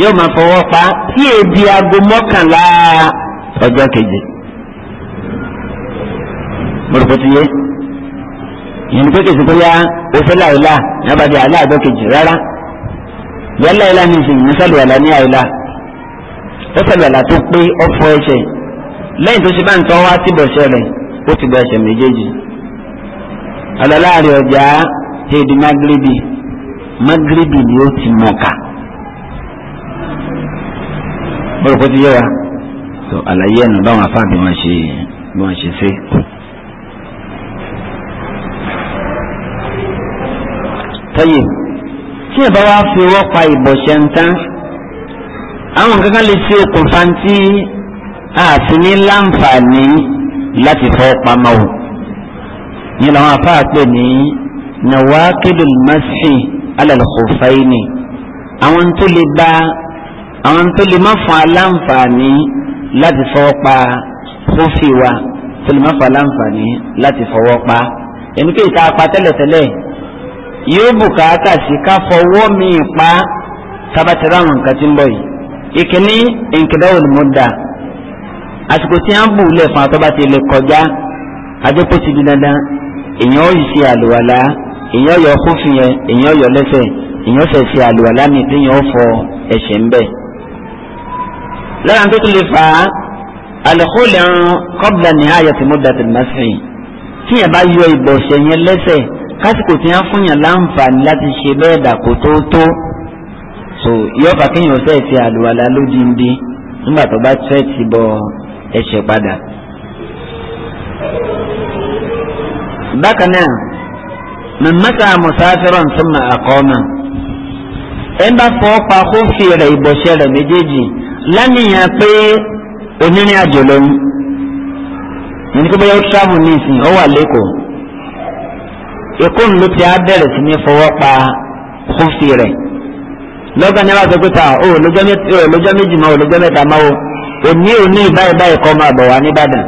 yóò máa fọwọ́ pa tí èdè aago mọ́kànlá ọjọ́ keje. mọ̀rọ̀kọ́ ti yé ìyẹn pé kèsì pé ya òfé làìlà nàbàdì àlà àjọ kejì rárá ìyá làìlà ní ìsìn ìmísàlù àlà ní àìlà ó sàlù àlà tó pé ọ̀fọ̀ ẹ̀ṣẹ̀ lẹ́yìn tó ṣe bá ń tọ́ wá síbọ̀ṣẹ̀ rẹ̀ ó ti bọ̀ ẹ̀ṣẹ̀ méjèèjì àlọ́ láàrin ọjà hedi magrebi magrebi ni ó ti mọ̀ọ́ka bọ́dọ̀ kó ti yẹ wa tó àlàyé ẹ̀nà báwọn afá bí wọ́n ṣe bí wọ́n ṣe ṣe. tọ́yì tí ẹ̀ bá wá fi ọwọ́ pa ìbọ̀ṣẹ́ ń tán àwọn kankan lè ṣe okùnfà tí àti ní láǹfààní láti fọ́ pamọ́ o ní làwọn afá pè ní nawakidul masih alalkhufayni àwọn tó lè bá àwọn tó lè má fún aláǹfààní láti fọwọ́ pa kófì wa tó lè má fún aláǹfààní láti fọwọ́ pa ẹni pé ìta apá tẹ́lẹ̀tẹ́lẹ̀ yóò bùkátà sí ká fọwọ́ mi pa tabatẹ́rẹ́ àwọn nǹkan tí ń bọ̀ yìí ìkíní ìkìdáwò ni mo dà àsìkò tí a ń bù lẹ̀ fún àtọ́ba ti lè kọjá adépò ti di dandan èèyàn yìí ṣe àlùwàlá èèyàn yọ kófì yẹn èèyàn yọ lẹ́sẹ̀ èèyàn fẹ̀ ṣe àlùwàlá mi tí èèyàn fọ ẹ̀ṣẹ̀ ń bẹ̀ lára tó tún lè fà á àlùkòlè ń kọ́bla ní ààyè tí mo dàtí màsìn tí yẹn bá yọ ìbọ̀sẹ̀ yẹn lẹ́sẹ̀ kásìkò tí wọ́n fún yàn láǹfààní láti ṣe bẹ́ẹ̀ dà kó tó tó so yọ̀ọ̀fà kéèyàn ọ̀sẹ̀ ti àlùwàlà lódìndín nígbà tó bá fẹ́ ti bọ ẹ̀ṣẹ̀ padà. bákan náà mẹ́mẹ́ta mùsáfíràn súnmọ́ àkọ́ọ́mà. ẹ bá fọ́ pa kófì rẹ̀ ìbọ̀sẹ̀ rẹ̀ méjèèjì lánìyàn pé onírìn àjò lọ́nu ní kí bóyá ó travel ní ìsìn ó wà lẹ́kọ̀ọ́ èkó ti á bẹ̀rẹ̀ sí ní fọwọ́ pa lọ́gbà ní ó lọ́jọ́ méjì ó lọ́jọ́ mẹ́ta ó òní òní báyìí báyìí kọ́ máa bọ̀ wá nìbàdàn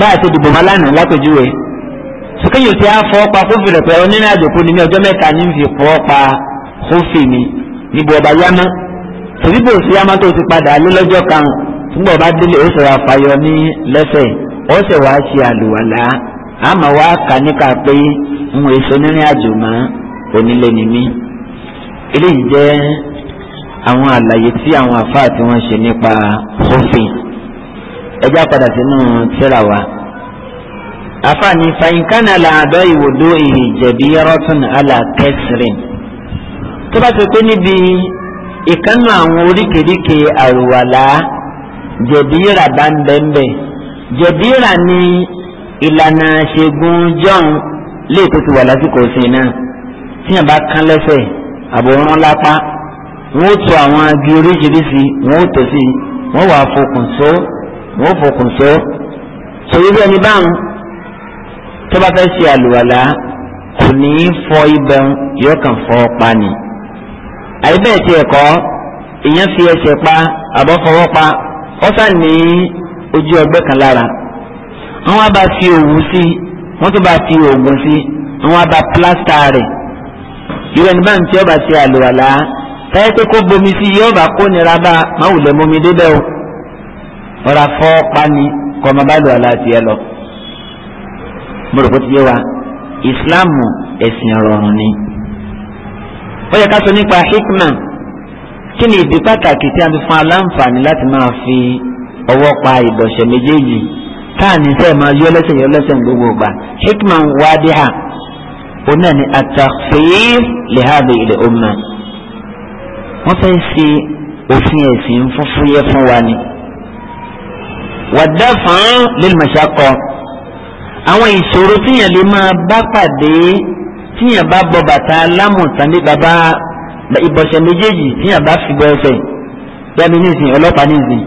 báyìí ti dìbò máa lánàá lápèjúwe sókè yìí kófì ni níbo ọba yámá tòbí bò sí yámá tó ti padà lé lọ́jọ́ kan fúnbọ̀ ọba délé ó sọ̀rọ̀ àfàyọ ní lẹ́sẹ̀ ó sì wá ṣe àlùwàlá àmọ́ wá kà níkà pé ń èso nírìn àjò mọ́ onílé ni mí eléyìí jẹ́ àwọn àlàyé tí àwọn àfáà tí wọ́n ṣe nípa kófì ẹjá padà sínú tírà wa afaani fayinkana laadọ iwodo ihi jẹbi rọtun ala tó bá ti pé níbi ìkànnà àwọn oríkèéríkèé àrùwàlá jẹ̀bíra bá ń bẹ́ńbẹ́ jẹ̀bíra ni ìlànà ṣègùn john léèkó ti wà lásìkò òsìn náà tí yẹn bá kán lẹ́sẹ̀ àbòrán lápá wọ́n ó to àwọn agi oríṣiríṣi wọ́n ó tò sí wọ́n wà fokùn só wọ́n ó fokùn só torí bí ẹni báwọn tó bá fẹ́ ṣe àlùwàlá kò ní í fọ ibẹ̀ yóò kàn fọ́ pa ni àyè bẹ́ẹ̀ tiẹ̀ kọ́ èèyàn fi ẹsẹ̀ pa àbọ̀fọwọ́ pa ọ́sà ní ojú ọgbẹ́ kan lára wọ́n á bá fi òwú sí wọ́n tó bá fi oògùn sí wọ́n á bá plásta rẹ̀ irú ẹni báyìí tí ó bá ti àlùwàlá táyé pé kó bomi sí yóò bá kó nira bá má wùlẹ̀ mọ́mi débẹ̀ o ọ̀rà fọ́ pani kọ́ ọmọ bá lùwàlá tiẹ̀ lọ. mo rò pé ó ti yé wa ìsìláàmù ẹ̀sìn ọ̀rọ̀ ọ̀run ni ó yẹ ká sọ nípa hikma kí ni ìdí pàtàkì tí a fi fún aláǹfààní láti máa fi ọwọ́ pa ìdọ̀ṣẹ̀ méjèèjì káàní sẹ́ máa yọ lẹ́sẹ̀ yọ lẹ́sẹ̀ gbogbo gbà hikma wadiha òun náà ni at-takhfif li hadhihi wọ́n fẹ́ ṣe òfin ẹ̀sìn fúnfúyẹ́ fún wa ni wad-daf'u lil-mashaqqa àwọn ìṣòro tíyàn lè máa bá pàdé tíyàn bá bọ bàtà alámùtàn ní bàbá ìbọ̀sẹ̀ méjèèjì tíyàn bá fi bọ ẹsẹ̀ yàmi nísìn ọlọ́pàá nísìn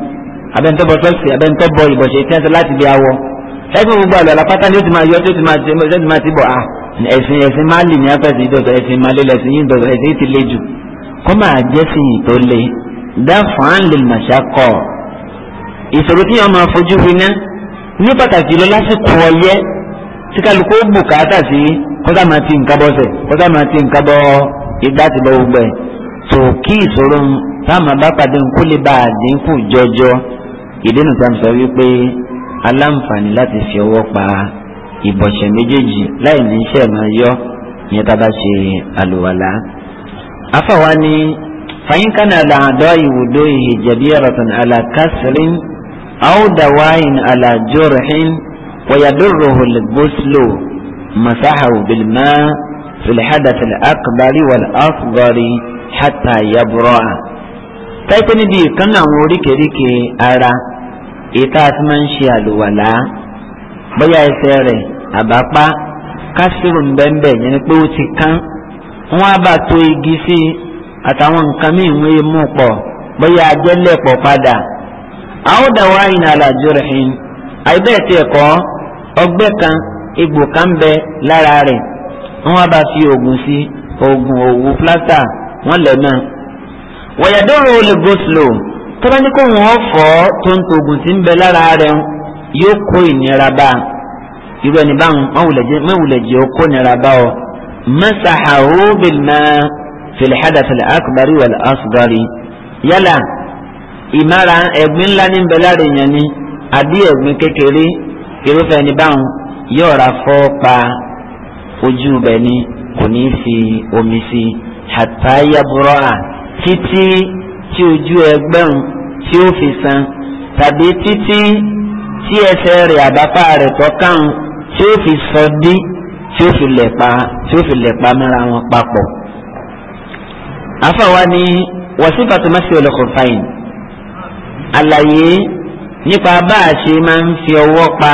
abẹ́ntẹ́ bọ sọ́ọ̀sì abẹ́ntẹ́ bọ ìbọ̀sẹ̀ tí wọ́n ti láti bí awọ ẹgbẹ́ gbogbo àlọ́ àlàpàtà ni ó ti máa yọ tó ti máa ti bọ̀ à ah, ẹ̀sìn ẹ̀sìn máa lì ní afẹ́sẹ̀ ìdọ̀tọ̀ ẹ̀sìn máa lé lẹ́sìn yìí ìdọ̀tọ̀ ẹ̀sìn ti le jù kọ́ máa jẹ́ sí yìí tó le dáfàá lè màṣá kọ́ ìṣòro tí wọ́n máa fojú winá ní pàtàkì lọ lásìkò ọyẹ́ tí kálukú bùkátà sí kọ́sá máa ti nǹkan bọ́sẹ̀ kọ́sá máa ti nǹkan bọ́ igbá ti bọ́ gbogbo ẹ̀ tó kí ìṣòro táwọn bá pàdé kó lè bá àdínkù jọjọ ìdènà tá a sọ wípé aláǹfààní láti fi ọwọ́ pa ìbọ̀sẹ̀ méjèèjì láì ní iṣẹ́ máa yọ ìyẹn tá bá ṣe àlùwàlá. afọwọ́ ni fàyín kan àlà àdọ́ ìwòdó ìhè jẹ̀bi ẹ̀rọ̀tàn àlà kásìrín àwòdàwáyìn àlà jòrìhìn wọ̀yàdúrò hùlẹ̀gbọ́sílò. مسحه بالماء في الحدث الأكبر والأصغر حتى يبرأ tẹ́tẹ́ni bíi kan náà àwọn oríkèéríkèé ara ìta àti máa ń ṣe àlùwàlá bóyá ẹsẹ̀ rẹ̀ àbápá kásìrò ńbẹ́ńbẹ́ yẹn ni pé ó ti kán wọ́n á bá to igi sí i àtàwọn nǹkan míì ń wéé mú pọ̀ bóyá ajẹ́lẹ̀ pọ̀ padà àwọn dàwọn àyìnà àlàjò rẹ̀ hìn àìbẹ́ẹ̀ tiẹ̀ kọ́ ọgbẹ́ kan egbò kan bẹ lára rẹ̀ wọ́n bá fi oògùn sí oògùn òwú plásà wọ́n lẹ̀ náà. wọ̀yàdọ́rọ̀ olè goslo tó bá ní kó wọ́n fọ́ tó ń toògùn tí ń bẹ lára rẹ̀ yóò kó ìnira bá irú ẹni báwọn mọ̀wùlẹ̀ jẹ́ ó kó ìnira bá ọ. masahahu bilma filhada filakubari wàlá asugari yálà ìmára ẹ̀gbin ńlá ní ń bẹ lára èèyàn ni àbí ẹ̀gbin kékeré irúfẹ́ ẹni báwọn yóò ra fọ́ pa ojú bẹ̀ ni kò ní fi omi sí hatta yabura títí tí ojú ẹgbẹ́rún tí ó fi san tàbí títí tí ẹsẹ̀ rẹ̀ àbápá rẹ̀ tọ́kàn tí ó fi sọ dí tí ó fi lẹ̀ pa tí ó fi lẹ̀ pa mẹ́ra wọn papọ̀. àfàwa ni wàsífàtò má sí ọlọ́kọ̀ọ́fàyìn nípa bá a ṣe máa ń fi ọwọ́ pa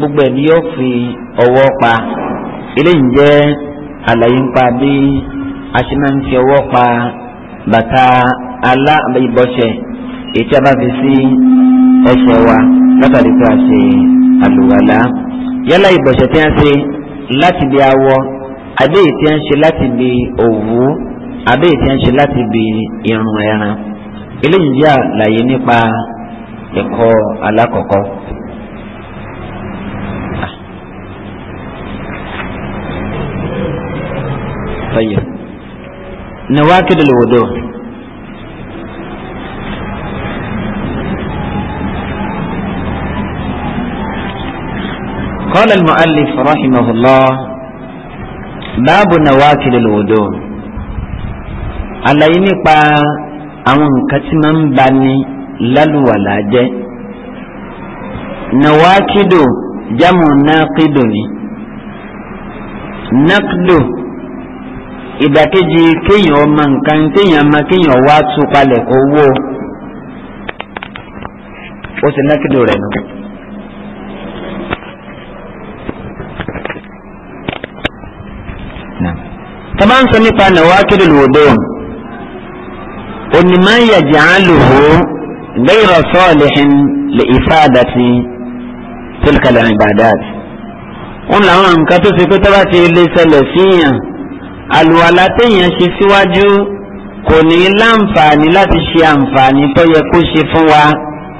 gbogbo ẹ̀ ni yóò fi ọwọ́ pa eléyìí jẹ́ àlàyé ń bí a ọwọ́ pa bàtà alá ìbọ̀ṣẹ̀ ètí a bá fi sí ẹsẹ̀ wa látàrí pé a ṣe àlùwàlá yálà ìbọ̀ṣẹ̀ tí a ṣe láti bí awọ àbí èyí tí a ṣe láti bí òwú àbí èyí a ṣe láti bí irun ẹran eléyìí jẹ́ àlàyé nípa ẹ̀kọ́ alákọ̀ọ́kọ́. طيب نواكد الوضوء قال المؤلف رحمه الله باب نواكد الوضوء على ينقى أن كتما بني للو ولا جي نواكد جمع ناقدني نقدو ìdàkejì kéèyàn ọmọ nǹkan téèyàn máa kéèyàn wá tú palẹ̀ owó ó sì nákìdò rẹ̀ nù. tọ́ba ń sọ nípa nàwákìdò lòdò onímọ̀ yàjà á lò ó غير صالح لإفادة تلك العبادات. wọn làwọn nǹkan tó ṣe pé tọ́ba ti lè ṣẹlẹ̀ síyàn àlùwàlá téèyàn ṣe síwájú kò ní láǹfààní láti ṣe àǹfààní tó yẹ kó ṣe fún wa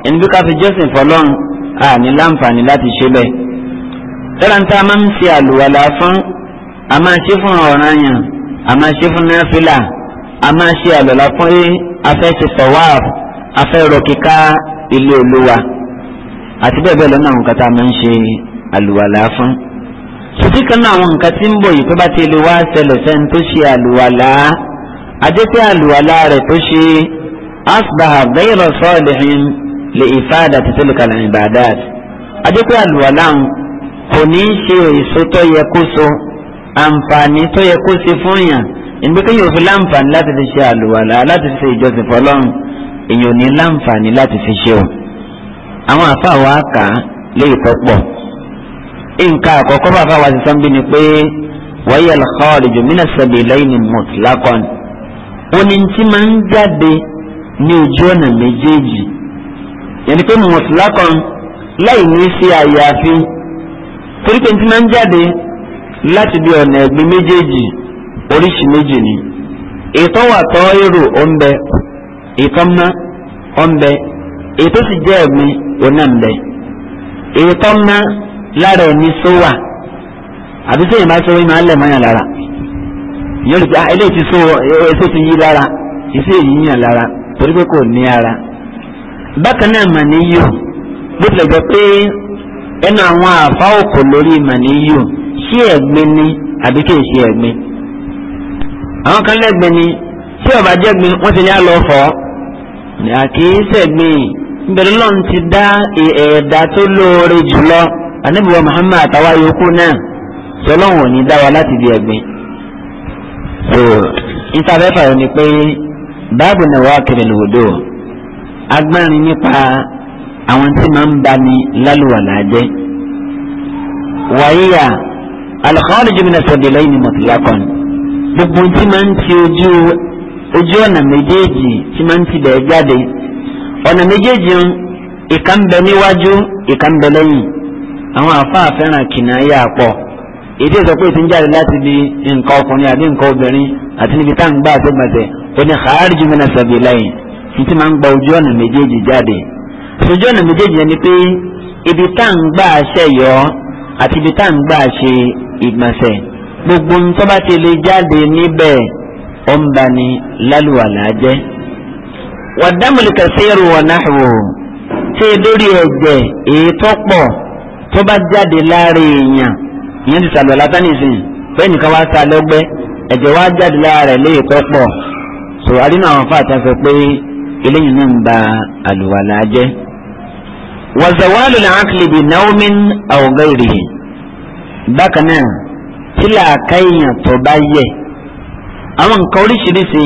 ẹni bí ká fi jọ́sìn fọlọ́n a ní láǹfààní láti ṣe bẹ́ẹ̀. tẹ́lá ń tá a máa ń ṣe àlùwàlá fún a máa ṣe fún ọ̀ranyàn a máa ṣe fún náfìlà a máa ṣe àlùwàlá fún ẹ afẹ́ ṣe tọ̀wáàf afẹ́ rọ kíká ilé olúwa àti bẹ́ẹ̀ bẹ́ẹ̀ lọ́nà àwọn kan máa ń ṣe àlùwàlá fún sùtì kan náà àwọn nǹkan tí ń bọ̀ yìí tó bá ti lè wá ṣẹlẹ̀ fẹ́ni tó ṣe àlùwàlá àdẹ́tẹ́ àlùwàlá rẹ̀ tó ṣe asbaha ghayra salihin lè ìfáàdà títí lè kàlẹ́ ìbàdàt àdẹ́tẹ́ àlùwàlá kò ní í ṣe èso tó yẹ kó so àǹfààní tó yẹ kó ṣe fún yàn ìgbé kéèyàn fi láǹfààní láti fi ṣe àlùwàlá láti fi ṣe ìjọsìn fọlọ́run èèyàn ò ní láǹfààní láti fi ṣe o àwọn àfáà wa kà á léyìí pọ̀ nǹkan àkọ́kọ́ bàbá wa sísan bí ni pé wáyé alkhaariju mina sabilayni mutlaqan òní tí máa ń jáde ní ojú ọ̀nà méjèèjì yẹnni pé mutlaqan láì ní sí àyàfi torí pé tí máa ń jáde láti bí ọ̀nà ẹ̀gbin méjèèjì oríṣi méjì ni ètò wà tọ́ èrò ọ̀nbẹ ètò mọ́ ọ̀nbẹ ètò sì jẹ́ ẹ̀gbin ọ̀nà ọ̀nbẹ ètò mọ́. lára ẹni sówà àbí sẹ́yìn máa sọ ìmọ̀ alẹ́ mọ́yàn lára ìyẹn ah, eléyìí ti so èso ti yí lára ìsí èyí yàn lára torí pé kò ní ara bákan náà màníyù bó tilẹ̀ jẹ́ pé ẹnu àwọn àfa òkò lórí ṣé ẹ̀gbin ni àbí kì í ṣe ẹ̀gbin àwọn kan ni ọba jẹ́gbin wọ́n ti ní àlọ́ fọ́ lọ́n ti dá ẹ̀ẹ̀dá anabi wa muhammad àtàwa yòókù náà sọlọ́wọ̀n ò ní dá láti di ẹ̀gbin so ìtafẹ́fà yẹn ni pé báàbù náà wà kiri lòdò agbárin nípa àwọn tí máa ń bani lálùwàlá jẹ́ wàyíyà alùpàdé jùmínà sọ̀dẹ̀lẹ́ yìí ni mọ̀tìlákan gbogbo tí máa ń ti ojú ojú ọ̀nà méjèèjì tí máa ń ti bẹ̀ẹ́ jáde ọ̀nà méjèèjì ìka níwájú ìka lẹ́yìn àwọn àfáà fẹ́ràn kìnàyà pọ̀ èdè sọ pé ti ń jáde láti ibi nǹkan ọkùnrin àbí nǹkan obìnrin àti níbi tá à ń gbà àtẹ́gbàtẹ́ ó ní kharaju mina sabilayn títí máa ń gba ojú ọ̀nà méjèèjì jáde ojú ọ̀nà méjèèjì yẹn ni pé ibi tá à ń gbà àṣẹ yọ àti ibi tá à ń gbà àṣẹ ìgbọ̀nsẹ̀ gbogbo ń tọ́ bá ti lè jáde níbẹ̀ ó ń bani lálùwàlá jẹ́ wàdámùlùkà sí ẹrù wọ̀náhùn tí lórí ẹ̀jẹ̀ èyí tó pọ̀ tó bá jáde lára èèyàn ìyẹn ti sàlọ̀ látàn nísìnyí pé nìkan wá sa lọ́gbẹ́ ẹ̀jẹ̀ wá jáde lára rẹ̀ léè pẹ́ pọ̀ so adínà àwọn fàtà sọ pé eléyìí náà ń ba àlùwàlà jẹ́. wàzàwálù làákìlì bíi naomin àwògẹ́rì bákan náà tí làákàyàn tó bá yẹ àwọn nǹkan oríṣiríṣi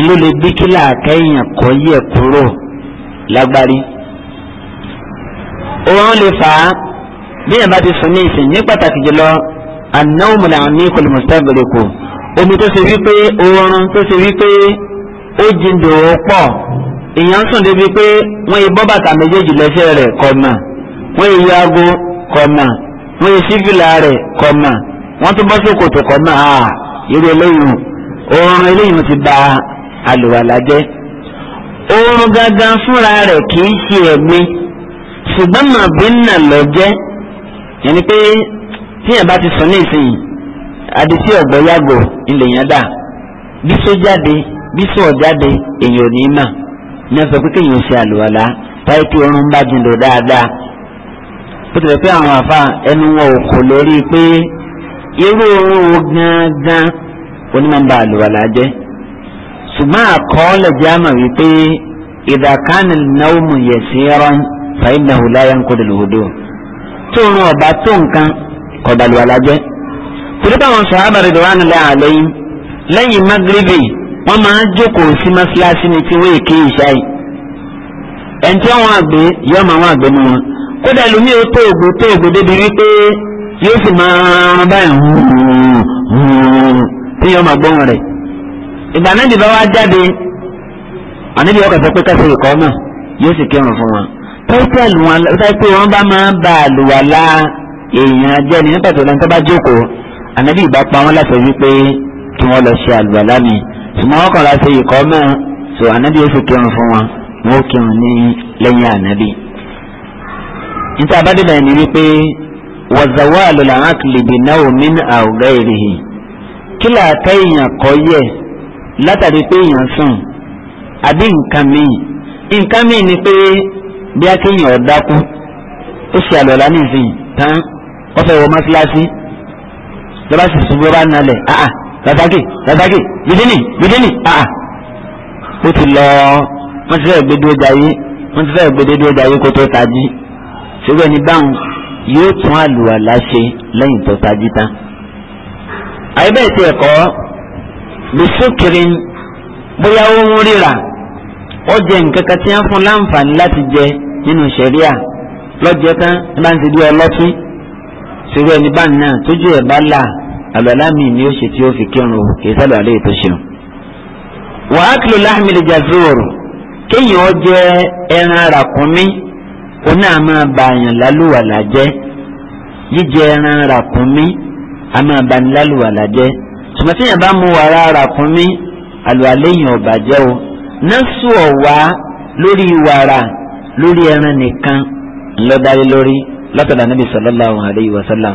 ìlú lè bí kí làákàyàn kọ́ yẹ kúrò lágbárí. òun lè fà á bí yẹn bá ti sùn ní ìsìn ní pàtàkì jùlọ anáwòmùlà ní kòlùmọ̀sítàbìrìkù omi tó ṣe wípé oorun tó ṣe wípé ó jìndò pọ̀ èèyàn sùn débi pé wọ́n yí bọ́ bàtà méjèèjì lẹ́sẹ̀ rẹ̀ kọ̀mà wọ́n yí yaago kọ̀mà wọ́n yí sífìlà rẹ̀ kọ̀mà wọ́n tún bọ́ sókòtò kọ̀mà á irú eléyìí oorun eléyìí ti ba àlùwàlá oorun gangan fúnra rẹ̀ kì í ṣe ẹ̀gbin ṣùgbọ́n màbí nà yẹn ni pé tíyẹn bá ti sọ ní ìsìn adití ọ̀gbọ́ yàgò ilẹ̀ yẹn dà bí sọ jáde bí sọ jáde èyàn ò ní mà ní ọ̀sẹ̀ pé kéèyàn ṣe àlùwàlá táyé kí oorun bá jìn dáadáa bó tilẹ̀ pé àwọn àfa ẹnu wọn ò kò lórí pé irú oorun wo gángan onímọ̀nba àlùwàlá jẹ́ ṣùgbọ́n àkọọ́lẹ̀ jẹ́ àmọ̀ wípé ìdàkánì náà mú yẹ̀ sí ẹran fàyínà hùláyà ń kó dèlùhùdó tó ń ọba tó nǹkan kọ̀dàlù alájẹ́. torí báwọn sàhábà ridwanullahi alayhim lẹ́yìn magrebi wọ́n máa ń jókòó sí mọ́ṣáláṣí ni tí wọ́n èké ìṣá yìí. ẹni tí wọ́n àgbé yọ ọmọ wọn àgbé mu wọn. kódà lómi ò tó ògbó tó ògbó débi wípé yóò sì máa báyìí tí pẹ́sẹ̀lì wọn pé wọ́n bá máa ń ba àlùwàlá èèyàn jẹ́ ní pàtó lẹ́nu tó bá jókòó ànábì ìbá pa wọ́n láṣẹ wípé kí wọ́n lọ ṣe àlùwàlá mi ṣùgbọ́n wọ́n kàn láṣẹ ìkọ́ mọ́ so ànábì ó sì kírun fún wọn wọ́n kírun ní lẹ́yìn ànábì. níta bá débẹ̀ ni wípé wàzàwọ́ àlùlà hàn kìlìbì náà omi àwùgá èrèhì kí làákà èèyàn kọ́ yẹ látàrí pé èèyàn sùn àbí nǹkan míì nǹkan míì ni pé bí akéèyàn ọ̀dákú ó ṣe àlọ́lá nísìnyí tán wọ́n fẹ́ wọ mọ́síláṣí lọ́ba sì ṣubú bá nalẹ̀ àà làtàkì làtàkì bìdínì bìdínì àà ó ti lọ wọ́n ti fẹ́ gbẹdú ọjà yìí wọ́n ti fẹ́ gbẹdú ọjà yìí kó tó tají ṣùgbọ́n ní báwọn yóò tún àlùwàlá ṣe lẹ́yìn tó tají tán. àyẹ̀bẹ̀ ti ẹ̀kọ́ bí sókèrè bóyá ó ń ríra ó jẹ nǹkan kan tí wọ́n fún láǹfààní láti jẹ nínú sẹ̀ríà lọ́jọ́ tán bá ń ti di ọlọ́tí ẹni bá náà tójú ẹ̀ bá là àlọ́lá mi ni ó ṣe tí ó fi kírun o kì í sábà lè tó ṣeun. wa aklu lahmil jazur kéèyàn ó jẹ ẹran ràkúnmí òun náà máa ba àyàn lálùwàlà jẹ́ jíjẹ ẹran ràkúnmí a máa ba ní lálùwàlà jẹ́ ṣùgbọ́n tí yàn bá mu wàrà ràkúnmí àlùwàlẹ́yìn ọ̀bàjẹ́ o nẹ́sù ọ̀wá lórí wàrà lórí ẹran nìkan ńlọ́dárí lórí látọ̀dá níbi sallallahu alayhi wa sallam.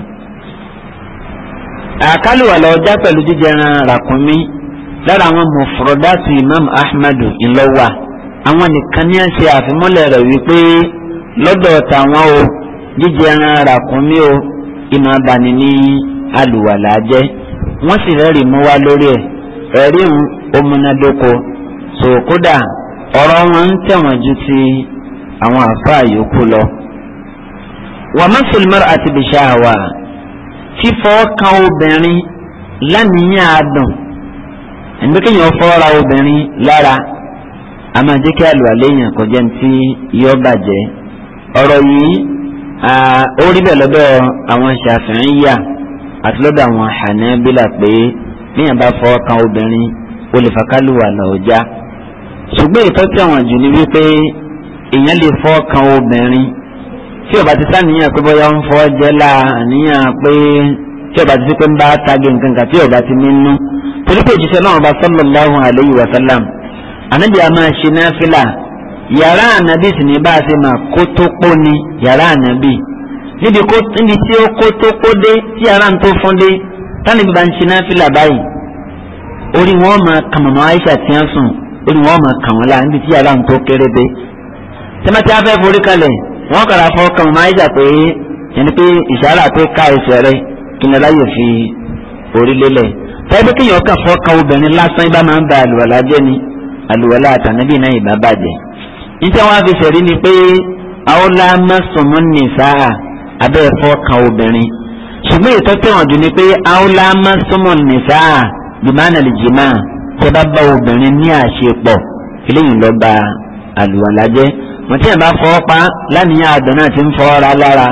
àkálù wà lọ já pẹ̀lú jíjẹ ẹran ràkúnmí lára àwọn mufrodati imam ahmadu ńlọ́wà àwọn nìkan ní àṣẹ àfimúlẹ̀ rẹ̀ wípé lọ́dọ̀ tàwọn o jíjẹ ẹran ràkúnmí o ìmọ̀ abàní ní alùwàlà jẹ́ wọ́n sì rẹ́rìí mú wá lórí ẹ̀ ẹ̀rí òmùnádóko so kódà ọ̀rọ̀ wọn ń tẹ̀wọ̀n ju ti àwọn àfáà yòókù lọ. wà má fìlímọ́rì àti bìṣà wà fífọ́ kan obìnrin lánìyàn àdùn ẹ̀ńdẹ́kẹ̀yìn ọ̀fọ́ ra obìnrin lára a máa jẹ́ kí àlùwàléyìn kọjá ti yọ bàjẹ́ ọ̀rọ̀ yìí ó rí bẹ́ẹ̀ lọ́dọ̀ àwọn Ṣàfi'íyà àti lọ́dọ̀ àwọn Hanabila pé níyàn bá fọ́ kan obìnrin ó lè fa ṣùgbọ́n ìtọ́jú àwọn jù ni wípé èèyàn lè fọ́ kan obìnrin tí ó bá ti sáníyàn pé bóyá ń fọ́ jẹ́ láàníyàn pé tí ó bá ti sí pé ń bá tagi nǹkan kan tí ó bá ti nínú torí pé òjíṣẹ́ náà bá sallallahu alayhi wa sallam ànábì a máa ṣe náfìlà yàrá ànábì sì ní bá a ṣe máa kó tó pó ni yàrá ànábì níbi tí ó kó tó pó dé tí yàrá ń tó fún dé tánìbí bá ń ṣe náfìlà báyìí orí wọn máa kàmọ̀mọ́ Aisha tí wọ́n sùn ó ní wọ́n máa kàn wọ́n láà níbi tí yàrá ń tó kéré dé tẹ́mẹ́tẹ́ afẹ́ forí kalẹ̀ wọ́n kàrà fọ́ kàn wọ́n máa ń jà pé ẹni pé ìṣàrà pé ká ẹsẹ̀ rẹ kí ni láyè fi orí lélẹ̀ tẹ́bí kéèyàn kàn fọ́ kan obìnrin lásán ibà máa ń ba àlùwàlá jẹ́ ni àlùwàlá àtànábì náà ìbá bàjẹ́ níta wọn fi ṣẹ̀rí ni pé àwòlá mẹ́sàn-án ní sáà abẹ́ obìnrin ṣùgbọ́n ìtọ́tẹ̀wọ̀n jù ni pé àwòlá mẹ́sàn-án ní lè jìmáà tẹ́ bá bá obìnrin ní àṣepọ̀ eléyìí lọ ba àlùwàlá jẹ́ wọ́n tí yẹn bá fọ́ pa lánìyàn àdán náà ti ń fọ́ ra lára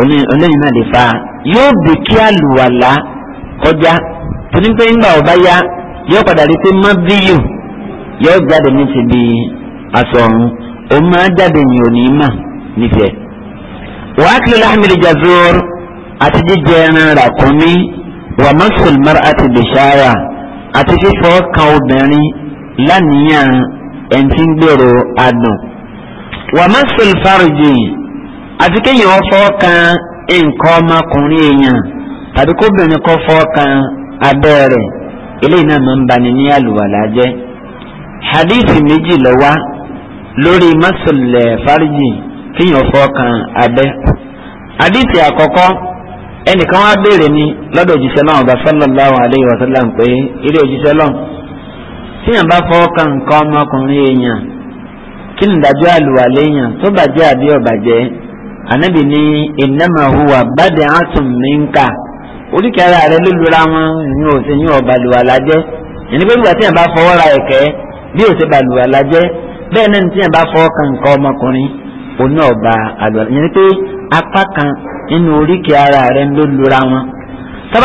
oníyìn náà lè fa yóò bè kí àlùwàlá kọjá torí pé ńgbà ọba yá yóò padà rí pé má bíyù yóò jáde ní ti di aṣọ ọ̀run òun máa jáde yìí ò mà nífẹ̀ẹ́. wàá kí lóla hàmìlì jazor àti jíjẹ ẹran ràkúnmí wàmásùlùmọ́ra àti bìṣára àti fífọ́ kan obìnrin lánìyàn ẹni tí ń gbèrò adùn. wà má sèlfàrìjì àti kéèyàn fọ́ kan nǹkan ọmọkùnrin èèyàn tàbí kóbìnrin kọ́ fọ́ kan abẹ́ rẹ̀ eléyìí náà máa ń bani ní àlùwàlá jẹ́. hadith méjì ló lórí má sèlfàrìjì kéèyàn fọ́ kan abẹ́. hadith àkọ́kọ́ ẹnìkan wá béèrè ni lọ́dọ̀ òjíṣẹ́ náà ọba sallallahu alayhi wa sallam pé ilé òjíṣẹ́ lọ́n tíyàn bá fọ́ kan nǹkan ọmọkùnrin èèyàn kí ni ìdájọ́ àlùwàlẹ̀ èèyàn tó bàjẹ́ àbí ọ̀bàjẹ́ ànábì ní innama huwa bad'atun minka oríkèé ara rẹ ló lura wọn ìyún òsè yín ọ̀bàlùwàlà jẹ́ ẹni pé ìgbà tíyàn bá fọwọ́ ra ẹ̀kẹ́ bí òsè bàlùwàlà jẹ́ ni pé apá kan nínú oríkèé ara rẹ ló lura wọn.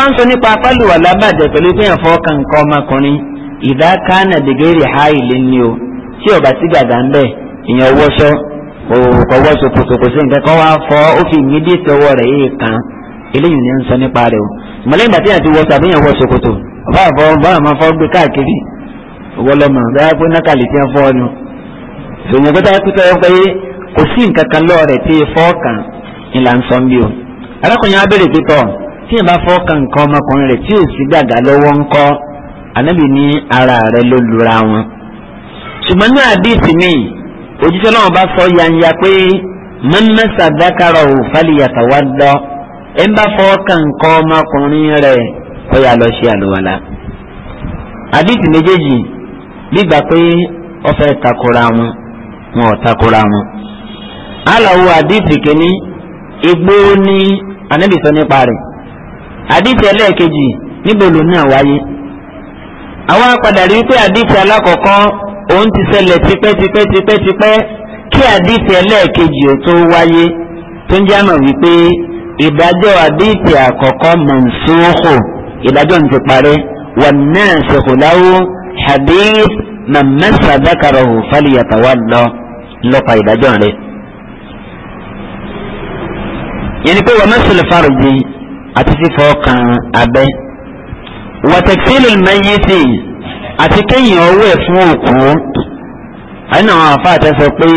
ń sọ nípa pálùwà lábàjẹ́ pẹ̀lú pé ẹ̀fọ́ kankan ọmọkùnrin ìdá kánà dìgírì ha ìlé ni o tí ọba ti gàdá ń bẹ̀ ìyẹn òkò nǹkan kan ó fi ìmídìí yìí kan eléyìí ni ń sọ nípa o bàtí àti kòtò ọba àfọ ọba gbé káàkiri nákàlì tí ńlá ń sọ ń bí o. arákùnrin abèrè pípọ̀ tí ìbá fọ́ kan nǹkan ọmọkùnrin rẹ̀ tí ò sí gàgà lọ́wọ́ ń kọ́ ànábì ní ara rẹ̀ ló lura wọn. ṣùgbọ́n ní àdìsí mi òjíṣẹ́ náà bá sọ yanya pé mọ́nmẹ́sà dákàrọ̀ ò fàlìyàtọ̀ wá dọ́ ẹ ń bá fọ́ kan nǹkan ọmọkùnrin rẹ̀ ó yà lọ ṣe àlùwàlà. àdìsí méjèèjì gbígbà pé ó fẹ́ takora wọn wọn ò takora wọn. àlàó àdìsí kìíní igbó ní anábì sọ nípa rẹ̀ àdìsí ẹlẹ́ẹ̀kejì níbo ló náà wáyé àwọn apàdà rí pé àdìsí alákọ̀ọ́kọ́ òun ti ṣẹlẹ̀ tipẹ́tipẹ́tipẹ́tipẹ́ kí àdìsí ẹlẹ́ẹ̀kejì ò tó wáyé tó ń jámọ̀ wípé ìdájọ́ àdìsí àkọ́kọ́ mọ̀nsóhò ìdájọ́ ń ti parẹ́ wà náà ṣèkòláwó hadith mamman sadakarahu faliyatawa lọ lọ́pàá ìdájọ́ rẹ̀ yẹn ni pé wọ́n mẹ́sìlẹ̀ fàrùjì àti fífọ́ kan abẹ́ wọ́tẹ̀kílì mẹ́yìtì àti kéyìn ọwọ́ ẹ̀ fún òkú àyìn àwọn àfa àtẹ́sọ pé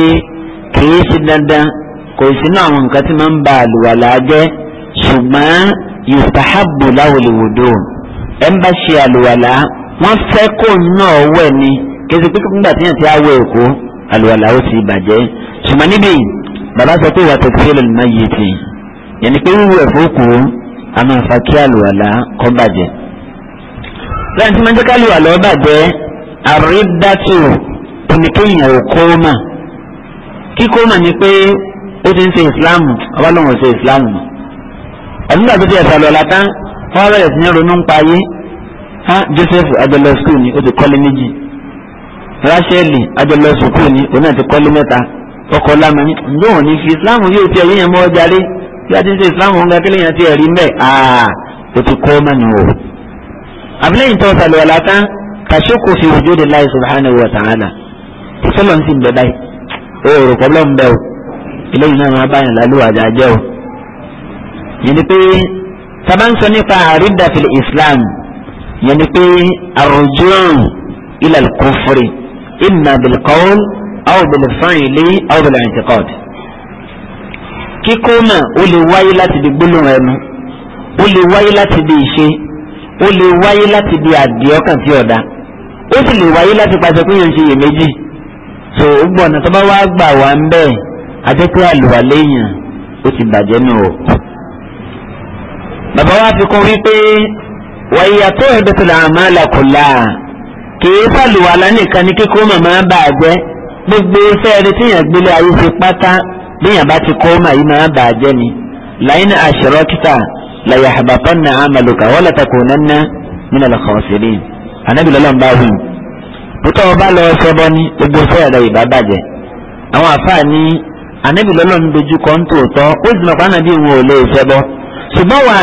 kìí ṣe dandan kò sí náà àwọn nǹkan tí máa ń ba àlùwàlà jẹ́ ṣùgbọ́n yustahabu láwùlíwòdò ẹ̀ ń bá ṣe àlùwàlà wọ́n fẹ́ kó náà wẹ̀ ni kìí ṣe nígbà tí yàn ti á wẹ̀ àlùwàlà ó ti bàjẹ́ ṣùgbọ́n níbí bàbá sọ pé wọ́tẹ̀kílì mẹ́yìtì yẹn ni pé wíwú ẹ̀fọ́ kù a máa fa kí àlùwàlá kó bàjẹ́ lẹ́yìn tí jẹ́ kálùwàlá ó bàjẹ́ àrídàtù oníkéyìn òkóòmà kíkóòmà ni pé ó ti ń ṣe islam ọba lóun ṣe islam mọ́ ọdúnlá tó ti ẹ̀fọ́ àlùwàlá tán wọ́n bẹ̀rẹ̀ sí ní ronú ń payé ha joseph adolo school ni ó ti kọ́lé méjì rachel adolo school ni òun náà ti kọ́lé mẹ́ta ọkọ̀ lámẹ́ni lóun ní fi islam yóò ti ẹ̀yìn yẹn mọ́ ọjà rí bí a ti ń ṣe islam ń ga kí lèèyàn ti ẹ̀rí mbẹ́ aa o ti kó mẹ́nu o. àbílẹ̀yìn tó sàlùwà látà kàṣí kò fi wujudi Allah subhanahu wa ta'ala ìfọlọ́n sì ń bẹ báyìí o rò pọ́blọ́ ń bẹ o eléyìí náà máa báyìí lálùwà àjà jẹ́ o. yẹn ni pé sábà nípa àrídà islam yẹn ni pé àrùjọ́n ilal kufri imma bil qawl aw bil fa'li aw bil i'tiqad kíkó náà ó lè wáyé láti di gbólóhùn ẹnu ó lè wáyé láti di ìṣe ó lè wáyé láti di àdìọ́kàn tí ọ̀dà ó sì lè wáyé láti pàṣẹ pé yẹn ṣe iyèméjì tó o gbọ́ ọ̀nà tó bá wá gbà wá ń bẹ́ẹ̀ àjẹpẹ́ àlùwà lẹ́yìn ó ti bàjẹ́ nù o. bàbá wa fi kún wípé wàyí àtọ́ ẹ̀dẹ́tò làwọn máa là kò là kìí sàlùwà lánìkan ní kíkó màmá bàjẹ́ gbogbo iṣẹ́ ẹni tíyàn gbélé ayé ṣe pátá bíyàn bá ti kọ́ máa yí máa bàa jẹ́ ni làyín àṣírọ́kítà làyà àbàtàn náà àmàlùkà wọ́n lọ́tàkù nánà nínú al-khasirin anábìlélọ́n bá wù. bùtọ́ ọba lọ sọ́bọ́ ní gbogbo sọ́ọ̀rọ̀ ìbá bàjẹ́ àwọn àfáà ní anábìlélọ́n dojú kọ́ ń tòótọ́ ó sì mọ̀ pàánà bí wọn ò lè sẹ́bọ́ ṣùgbọ́n wà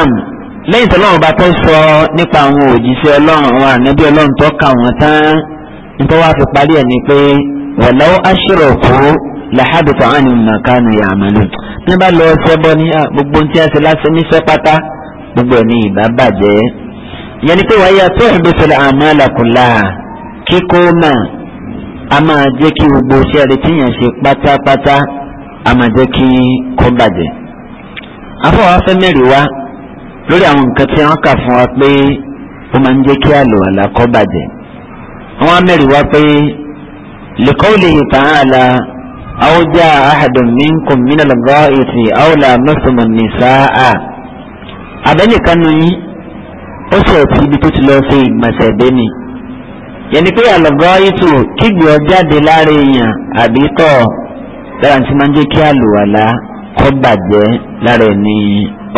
á lẹ́yìn tó lọ́wọ́ bá tó sọ nípa àwọn òjíṣẹ́ ọlọ́run àwọn ànábí ọlọ́run tó kà wọ́n tán nítorí wàá fi parí ẹ̀ ni pé walaw ashraku làhábìtàn àni màkánu ya'malu ní bá lọ sẹ́bọ́ ní ah, gbogbo tí a ṣe lásán níṣẹ́ pátá gbogbo ẹ̀ ní ìbá bàjẹ́ ìyẹn ni pé wàá yà tó ìgbésẹ̀ àmàlà kùlà kíkó mà á máa jẹ́ kí gbogbo iṣẹ́ rẹ̀ tíyàn ṣe pátápátá á máa jẹ́ kí kó bàjẹ́ afọwọ́fẹ́ mẹ́rin wá lórí àwọn nǹkan tí wọ́n kà fún wa pé ó máa ń jẹ́ kí àlùwàlá kó bàjẹ́ wọ́n á mẹ́rin wá pé liqawlihi ta'ala aw jaa ahadun minkum minal gha'iti aw lamassumun nisaa abẹ́nìkan nù yín ó sọ ti ibi tó ti lọ ṣe ìgbọ̀nsẹ̀ bẹ́ni yẹni pé àlùgha'iti kígbe ọjáde lára èèyàn àbí tọ̀ dára tí máa ń jẹ́ kí àlùwàlá kó bàjẹ́ lára ẹni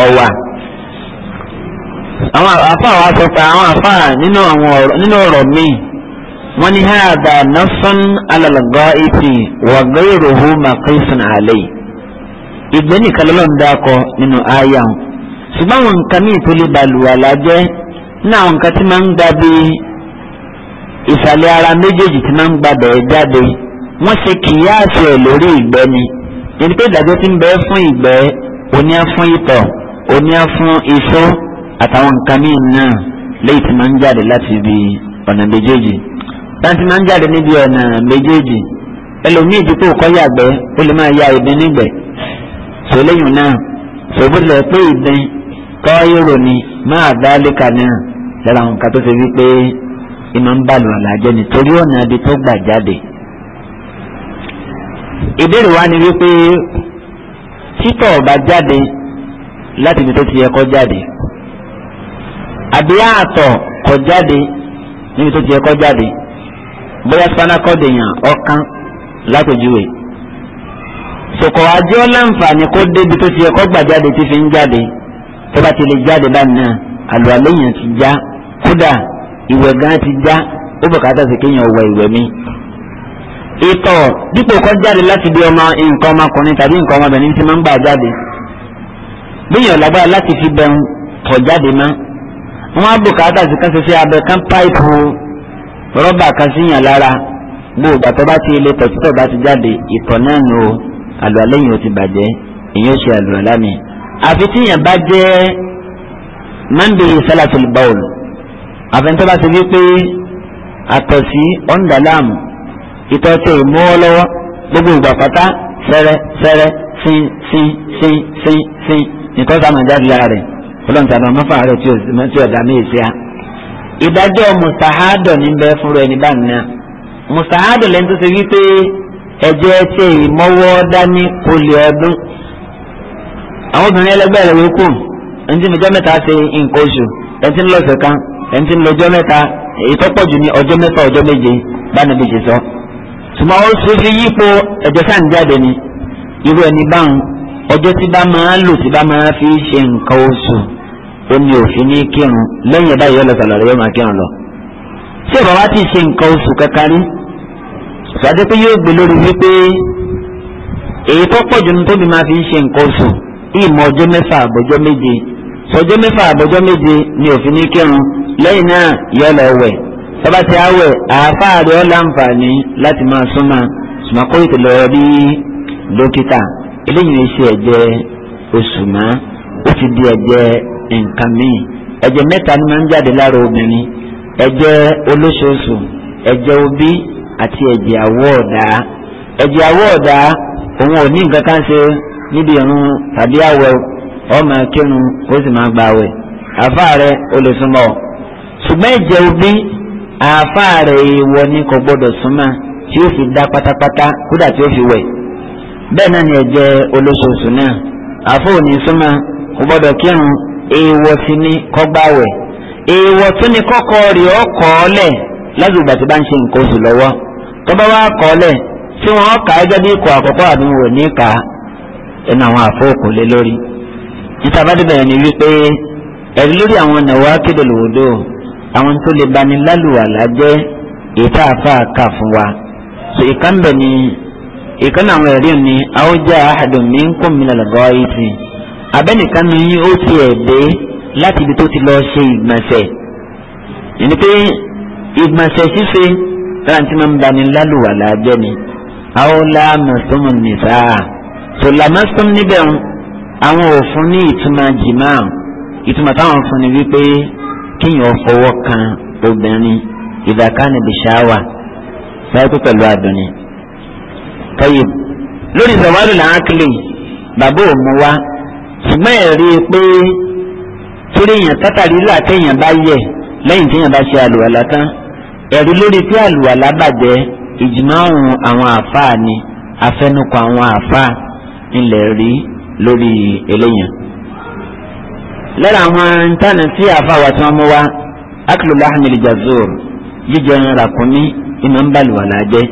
ọwà. àwọn àfa wa sọ pé àwọn àfa nínú ọ̀rọ̀ míì wọ́n ní hàdà nọ́sán alàlọ́gọ́ ìpì wọ̀gọ́ ìròhó màkìsàn àlẹ́ ìgbẹ́ nìkan lọ́lọ́ ń dákọ nínú àyà wọn ṣùgbọ́n àwọn nǹkan míì tó lè lájẹ́ ní àwọn nǹkan tí máa ń gba ara méjèèjì tí máa ń gba bẹ̀ẹ́ jáde wọ́n ṣe kìyàsí ẹ̀ lórí ni yẹn pé ìdájọ́ ti ń fún ìgbẹ́ òní ìtọ̀ àtàwọn nǹkan míì náà léyìí tí máa ń jáde láti ibi ọ̀nà méjèèjì láti máa ń jáde níbi ọ̀nà méjèèjì ẹlòmíì dípò kọ́ yàgbẹ́ ó lè máa ya ìdin nígbẹ́ sọlẹ́yìn náà sọ̀bùdìlẹ̀ pé ìdin kọ́ ni máa dá léka náà lára àwọn nǹkan tó ṣe wípé ìmọ̀ ń bàlù àlàjẹ́ nítorí ọ̀nà ibi tó gbà jáde. ìbéèrè wa ni wípé títọ̀ ọ̀bà jáde láti ibi tó ti yẹ kọ́ jáde àbí àtọ̀ kò jáde níbi tó ti yẹ kó jáde bóyá spinal cord èèyàn ọkàn lápèjúwe sòkò àjọ láǹfààní kó débi tó ti yẹ kó gbà jáde tí fi ń jáde tó bá ti lè jáde báyìí náà àlùwàlá èèyàn ti já kódà ìwẹ̀ gan ti já ó bùkátà sí kéèyàn wọ ìwẹ̀ mi ìtọ̀ dípò kó jáde láti bí ọmọ nǹkan ọmọkùnrin tàbí nǹkan ọmọbìnrin tí máa ń gbà jáde bíyàn lágbára láti fi bẹun kọ̀ jáde máa wọ́n á bùkátà sí kan ṣiṣẹ́ abẹ kan páìpù rọ́bà kan síyàn lára bó o gbàtọ́ bá ti ilé tọ̀títọ̀ bá ti jáde ìtọ̀ náà nù o àlùwà lẹ́yìn o ti bàjẹ́ èyí ó ṣe àlùwà lámì. àfi tíyàn bá jẹ́ mọ́ndé sálàtìlì bọ́ọ̀lù àfẹ́ntọ́ bá ti wí pé àtọ̀sí ọ̀ndàlámù ìtọ̀ tẹ ìmú ọ lọ́wọ́ gbogbo ìgbà pátá sẹ́rẹ́ sẹ́rẹ́ sín sín sín sín sín nìkan sáà ọlọ́run tàbí ọmọ tí ọ̀dà mi ìṣe á ìdájọ́ mùsàádọ̀ níbẹ̀ fúnra ẹni bá nìyà mùsàádọ̀ lẹ́nu tó ṣe wípé ìmọ́wọ́ dání ọdún àwọn obìnrin ẹlẹgbẹ́ rẹ̀ ẹni tí ọjọ́ ṣe nǹkan oṣù ẹni tí ń tí ọjọ́ ọjọ́ ọjọ́ tí bá máa lò tí bá fi ṣe nǹkan oṣù ó ní òfin ní kírun lẹ́yìn báyìí ọlọ sàlàyé yóò máa kírun lọ. ṣé bàbá ti ṣe nǹkan oṣù kankan rí sàdé pé yóò gbé lórí wípé èyí tó pọ̀ jù ní tóbi máa fi ń ṣe nǹkan oṣù ìmọ̀ ọjọ́ mẹ́fà àbọ̀jọ́ méje sọjọ́ mẹ́fà àbọ̀jọ́ méje ni òfin ní kírun lẹ́yìn náà yọ wẹ̀ bàbá ti àwẹ̀ àáfàá rẹ̀ ọ́ láǹfààní láti máa súnmọ́ ṣùgbọ́n kó nǹkan míì ẹ̀jẹ̀ mẹta ni máa ń obìnrin ẹ̀jẹ̀ olóṣooṣù ẹ̀jẹ̀ obi àti ẹ̀jẹ̀ awọ ọ̀dà ẹ̀jẹ̀ àwọ̀ ọ̀dà òun ò ní nǹkan kan ṣe tàbí ọmọ kírun ó sì máa gba àwẹ̀ àfa rẹ̀ ó obi àfa gbọ́dọ̀ tí ó fi pátápátá kódà tí ó bẹ́ẹ̀ náà ni olóṣooṣù àfọ̀ èèwọ̀ sì ni kó gbààwẹ̀ èèwọ̀ tún ni kọkọ rẹ̀ ọ́ kọ́ ọ lẹ̀ tí bá ń ṣe nǹkan oṣù lọ́wọ́ tó bá wá kọ́ tí wọ́n kà á gẹ́gẹ́ bí ikọ̀ àkọ́kọ́ àbí wò ní kà á ẹnu àwọn àfọ́ọ̀kù lé lórí níta bá ni wípé ẹ̀rí lórí àwọn nàwa kéde lòdò àwọn tó lè bani ètò àfa ni àwùjá àdùnmí ń mi abẹ́nìkan nu yín ó tiẹ̀ dé láti ibi tó ti lọ ṣe ìgbọ̀nsẹ̀ ẹni pé ìgbọ̀nsẹ̀ ṣíṣe rántí máa ń bani lálùwàlá jẹ́ ni àwòlá mọ̀sánmù nìfà sọlámọ́sán níbẹ̀ àwọn òfin ní ìtumọ̀ jìmá ìtumọ̀ táwọn fún ni wípé kéèyàn fọwọ́ kan obìnrin ìdàkánì bìṣáwà sáyẹ́kú pẹ̀lú àdùnní. tọ́yì lórí ìsọ̀wádìí làákìlì bàbá òun ṣùgbọ́n ẹ̀rí pé tiriyan tátàrí là téèyàn bá yẹ lẹ́yìn téèyàn bá ṣe àlùwàlá tán ẹ̀rí lórí pé àlùwàlá bàjẹ́ ìjìmáhùn àwọn àfáà ni afẹnukọ àwọn àfáà ńlẹ̀ rí lórí eléyàn. lori àwọn ntànà tí àfáà wa tí wọ́n mú wá akílù láhàmì jíjẹ ẹran iná ń bàlùwàlá jẹ́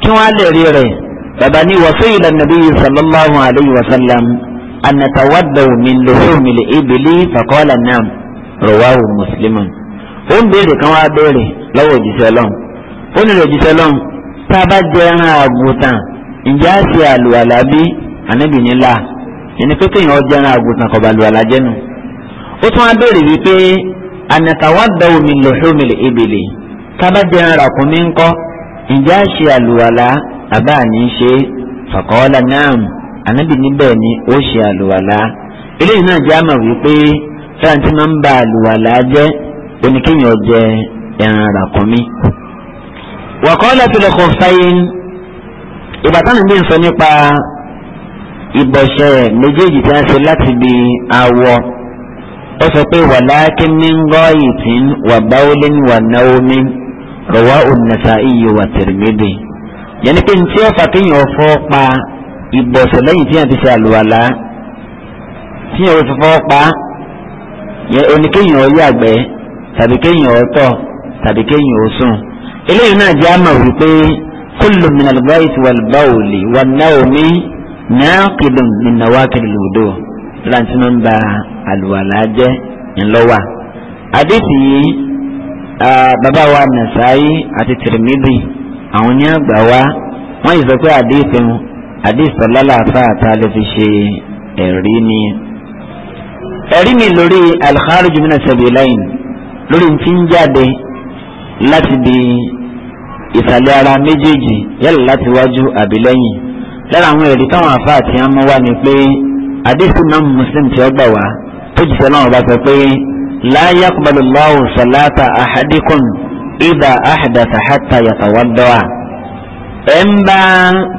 kí wọ́n á lè rí rẹ̀ bàbá sallallahu anatawadau min luhum li ibili fakọ́lá nam rọwáwù mùsùlùmí. ó ń béèrè kan wá béèrè lọ́wọ́ òjíṣẹ́ lọ́n ó nílò òjíṣẹ́ lọ́n tá a bá jẹ ẹran àgùntàn ǹjẹ́ á ṣe àlùwàlà bí ànábì nílà ẹni pé kéèyàn ọjọ́ ẹran àgùntàn kọ̀ọ̀bà àlùwàlà jẹ́nu. ó tún wá béèrè wípé anatawadau min luhum li ibili tá a bá jẹ ẹran ràkúnmí ńkọ́ ǹjẹ́ á ṣe àlùwàlà àbá àní ṣe fakọ́lá nam ànábì níbẹ̀ ni ó ṣe àlùwàlá eléyìí náà jẹ́ àmọ̀ wípé fẹ́ràn tí máa ń ba àlùwàlá jẹ́ oníkéèyàn jẹ ẹran ràkúnmí. wàkọ́lá tó lè kọ́ fẹ́yìn ìbátan ní sọ nípa ìbọ̀ṣẹ̀ méjèèjì tí wọ́n ṣe láti bi awọ ó sọ pé wàláàkí mi ń gọ́ ìtìn wà báwọlé ní wà náwó mi rọwá ònàṣà iyì wà tìrìmìdì yẹn ni pé ní tí ó kéèyàn fọ́ pa ìgbọ̀nsẹ̀ lẹ́yìn tí yàn ti ṣe àlùwàlá tí yàn ò fọwọ́ pa oníkéyìn ọ yàgbẹ́ tàbí kéyìn ọ tọ̀ tàbí kéyìn ọ sùn eléyìí náà jẹ́ àmọ̀ wípé kullu min al-bayt wal-bawli wan-nawmi naqidun min nawaqid al-wudu láti máa ń ba àlùwàlá jẹ́ ńlọ́wà àdìsí yìí bàbá wa Nasa'i àti Tirmidhi àwọn ní àgbà wa wọ́n yìí sọ pé àdìsí hadith lálàáfà tá a lè fi ṣe ẹ̀rí ni ẹ̀rí mi lórí al-kharij min as-sabilayn lórí ti ń jáde láti di ìsàlẹ̀ ara méjèèjì yálà láti wájú àbí lẹ́yìn lára àwọn ẹ̀rí táwọn àfáà ti ń mú wá ni pé hadith náà muslim ti ọgbà wá tó jìṣẹ́ náà bá sọ pé la yaqbalu Allahu salata ahadikum idha ahdatha hatta yatawadda ẹ ń bá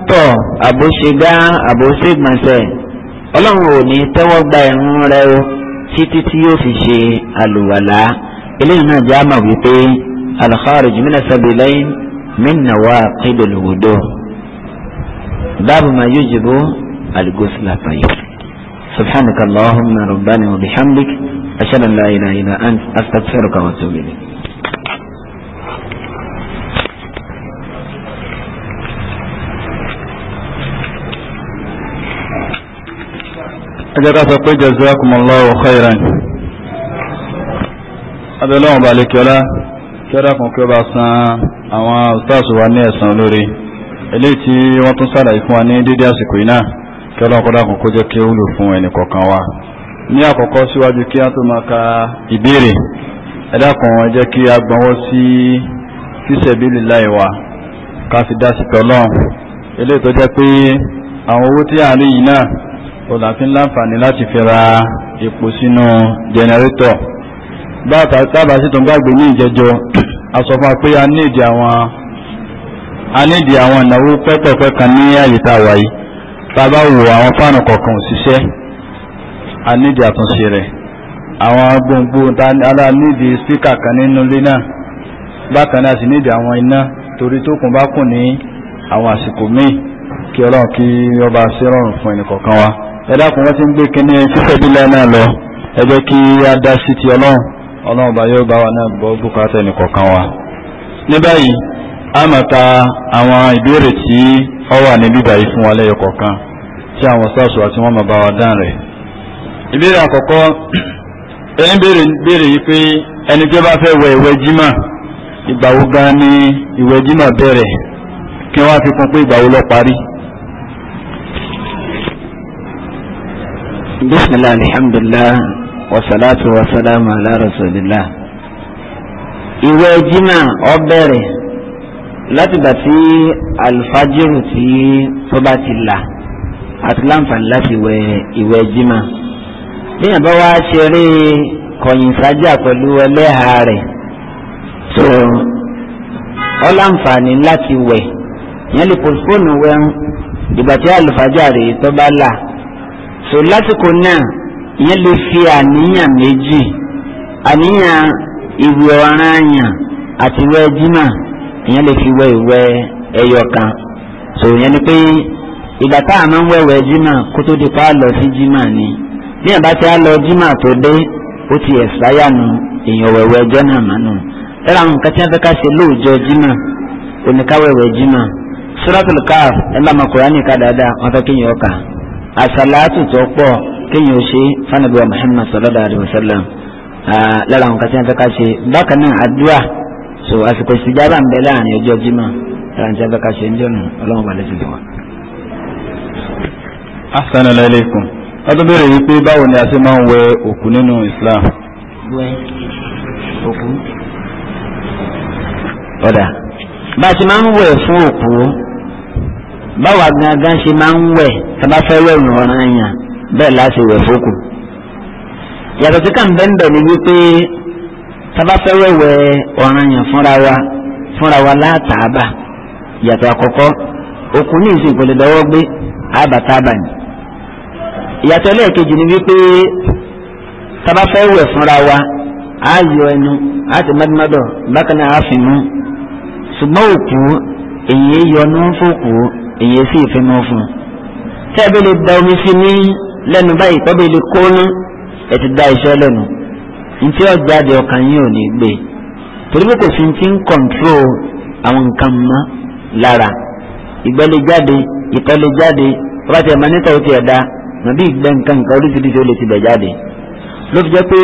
tọ̀ àbóṣegá àbóṣègbọ̀nsẹ̀ ọlọ́run ò ní tẹ́wọ́ gba ẹ̀rún rẹ o títí tí yóò fi ṣe àlùwàlá eléyìí náà jẹ́ àmà wípé al-kharij min as-sabilayn min nawaqid al-wudu babu ma yujibu al-ghusl subhanaka allahumma rabbana wa bihamdik ashhadu an la ilaha illa anta astaghfiruka wa atubu ilayk ẹjẹ́ ká sọ pé jazakumullahu khairan abẹ́lẹ́ wọn balẹ̀ kíọ́lá kíọ́lá kan kí ó bá san àwọn ustaz wa ní ẹ̀san olóore eléyìí tí wọ́n tún sàlàyé fún wa ní dédé àsìkò yìí náà kíọ́lá kọ́lá kan kó jẹ́ kí ó wúlò fún ẹnì kọ̀ọ̀kan wa ní àkọ́kọ́ síwájú kí á tó máa ka ìbéèrè ẹ dákun ẹ kí a gbọ́nwọ́ sí fisabilillahi wa ká fi dá sí tọ́lọ́run eléyìí tó jẹ́ pé àwọn owó tí à rí yìí náà òlàfin láǹfààní láti fi ra epo sínú jẹnẹrétọ̀ bábà sí tó ń gbàgbé ní ìjẹjọ a sọ fún wa pé a níìdì àwọn a níìdì àwọn ìnáwó pẹ́pẹ̀pẹ́ kan ní àyè tá a wà yìí tá a bá wo àwọn fáànù kọ̀ọ̀kan òṣìṣẹ́ a níìdì àtúnṣe rẹ̀ àwọn gbòǹgbò alá níìdì spíkà kan nínú ilé náà bákan náà sì níìdì àwọn iná torí tó bá kùn ní àwọn àsìkò míì kí ọlọ́run kí ọba ṣe rọrùn fún ẹnì kọ̀ọ̀kan wa ẹ dákun wọ́n ti ń gbé kínní fífẹ́bílẹ̀ náà lọ ẹ jẹ́ kí á dá sí ti ọlọ́run ọlọ́run ọba yóò bá wa náà gbọ́ bùkátà ẹnì kọ̀ọ̀kan wa. ní báyìí a máa ta wà fún wa lẹ́yọ kọ̀ọ̀kan tí àwọn wọ́n bá wa dán rẹ̀. ìbéèrè àkọ́kọ́ ẹni béèrè yìí pé ẹni bá fẹ́ بسم الله الحمد لله والصلاة والسلام على رسول الله ìwé jimá ó bẹ̀rẹ̀ látìgbà tí alfajiru tí tó bá ti là àti láǹfààní láti wẹ ìwé jimá bíyàn bá wá ṣeré kọ̀yìnsájà pẹ̀lú ẹlẹ́hàá rẹ̀ tó ọ láǹfààní láti wẹ̀ yẹn lè postpone wẹ̀ ìgbà tí alfajiru tó bá là. so lásìkò náà ìyẹn lè fi àníyàn méjì àníyàn ìwẹ̀ ọ̀ranyàn àti ìwẹ̀ jimá ìyẹn fi wẹ̀ ìwé ẹyọ kan so ìyẹn ni pé ìgbà tá a máa ń wẹ̀wẹ̀ jimá kó tó di lọ sí jimá ni bí àbá ti á lọ jimá tó dé ó ti ẹ̀ sáyànù èèyàn wẹ̀wẹ̀ ẹjọ́ náà àwọn nǹkan tí wọ́n fẹ́ ká ṣe lóòjọ́ oníkáwẹ̀wẹ̀ ẹ̀ lámà Kùránì ká dáadáa wọ́n asalaatu tó pọ̀ kéèyàn ṣe fanabi wa muhammad sallallahu alayhi wa sallam lára àwọn kàtí so àsìkò ìsìjábà ń bẹ láàrin ọjọ́ jimá lára àti àfẹ́ká ṣe ń jọ̀nà ọlọ́run balẹ̀ sí wa. assalamu alaykum wọ́n tún béèrè wípé báwo ni a ṣe máa ń wẹ òkú nínú islam. wẹ òkú. báwa gangan ṣe máa ń wẹ̀ sábà fẹ́ wẹ̀ ìrànwọ́n ẹ̀yàn bẹ́ẹ̀ láti wẹ̀ fókù. yàtọ̀ sí kàǹbẹ́ǹbẹ̀ ni wípé sábà fẹ́ wẹ̀wẹ̀ ọ̀ràn yàn fúnra wa fúnra wa látàbà yàtọ̀ àkọ́kọ́ òkú ní ìsìn kò lè gbé àbàtàbà ni. ìyàtọ̀ ẹlẹ́ẹ̀kejì ni wípé sábà fẹ́ wẹ̀ fúnra wa á yọ ẹnu á ti mọ́dúnmọ́dọ̀ bákan náà á fi mú ṣùgbọ́n òkú èyí yọ ní fòkù èyí sì fi mọ́ fún un. tẹ́ ẹ bí lè da omi sí ní lẹ́nu báyìí tọ́ bí lè kóná ẹ ti da iṣẹ́ lẹ́nu ntí ọ̀jáde ọkàn yín ò ní gbé torí pé kò sí ti ń kọ̀ǹtró àwọn nǹkan mọ́ lára ìgbẹ́ lè jáde ìtọ́ lè jáde ọba tí ẹ̀ níta ó ti ẹ̀ nàbí ìgbẹ́ nǹkan nǹkan oríṣiríṣi ó lè ti bẹ̀ jáde ló fi jẹ́ pé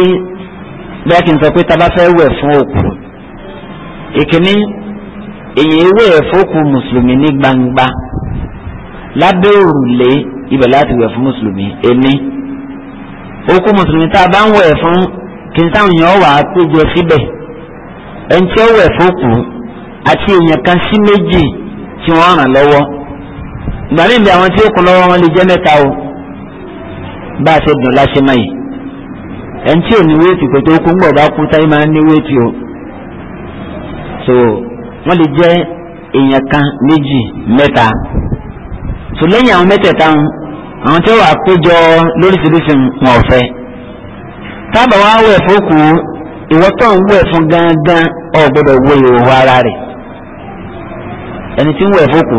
bí kì í sọ pé tábà fẹ́ wẹ̀ fún òkú ìkíní èyí ewé ẹ̀fọ́ mùsùlùmí ní gbangba lábẹ́ òrùlé ibẹ̀ láti wẹ̀ fún mùsùlùmí ẹni okú mùsùlùmí tá a bá ń wẹ̀ fún kí n táwọn èèyàn wà á péjọ síbẹ̀ ẹni tí ó wẹ̀ fókù àti èèyàn kan sí méjì tí wọ́n ràn lọ́wọ́ ìgbà míì bí àwọn tí ó kún lọ́wọ́ wọn lè jẹ́ mẹ́ta o bá a ṣe dùn láṣẹ máa yìí ẹni tí ò ní wéètì kò tó kún gbọ̀dọ̀ kú táyé máa ń ní wéètì o so wọ́n lè jẹ́ èèyàn kan méjì mẹ́ta sùlẹ́yìn àwọn mẹ́tẹ̀ẹ̀ta àwọn tí wàá péjọ lóríṣiríṣi wọn ọ̀fẹ́ tábà wá wẹ̀ fókù ìwọ́tọ̀ ń wẹ̀ fún gángan ò gbọ́dọ̀ wẹ̀ ìhòòhò ara rẹ̀ ẹni tí ń wẹ̀ fókù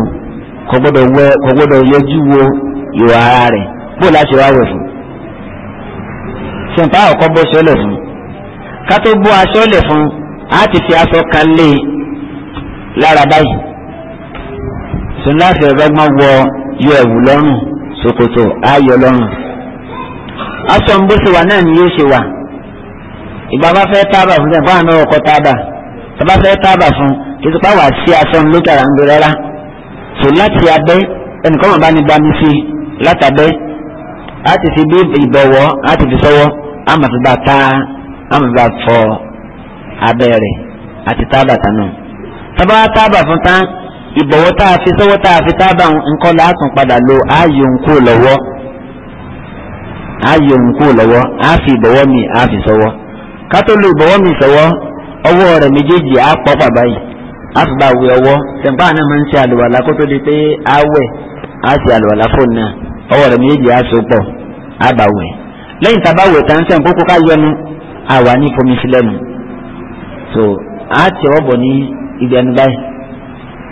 kò gbọ́dọ̀ wẹ̀ kò gbọ́dọ̀ yẹjú wo ìwà ara rẹ̀ bó láti wá wẹ̀ fún sèǹpá ọ̀kọ́ bọ́ sọ́lẹ̀ fún ká tó bọ́ aṣọ fún á fi aṣọ kan lé e lára báyìí sùn yọ ẹ̀wù lọ́rùn ṣòkòtò ayọ̀ lọ́rùn. aṣọ ń bó ṣe wà náà ni yóò ṣe wà ìgbà bá fẹ́ tábà fún sẹ́yìn fáwọn náà ọkọ̀ tábà tọ́ba fẹ́ tábà fún kí tipa wà sí aṣọ ń lókè ara ń tó láti abẹ́ ẹnìkan wọn bá ní bami sí látàbẹ́ a fi bí ìbọ̀wọ́ a fi sọ́wọ́ a máa fi ta a máa fi bá fọ abẹ́ rẹ̀ àti tábà tán náà tábà fún tán. ìbọ̀wọ́ tá a fi sọ́wọ́ tá a fi tábà nǹkan láàtún padà lo ààyè òǹkú lọ́wọ́ ààyè òǹkú lọ́wọ́ fi ìbọ̀wọ́ mi a fi sọ́wọ́ ká tó lo ìbọ̀wọ́ mi sọ́wọ́ ọwọ́ rẹ̀ méjèèjì á pọ̀ pàbá yìí a fi bá wẹ ọwọ́ tẹ̀m̀pá náà máa ń ṣe kó di pé wẹ̀ ṣe fóònù náà ọwọ́ so pọ̀ bá wẹ̀ a bá wẹ̀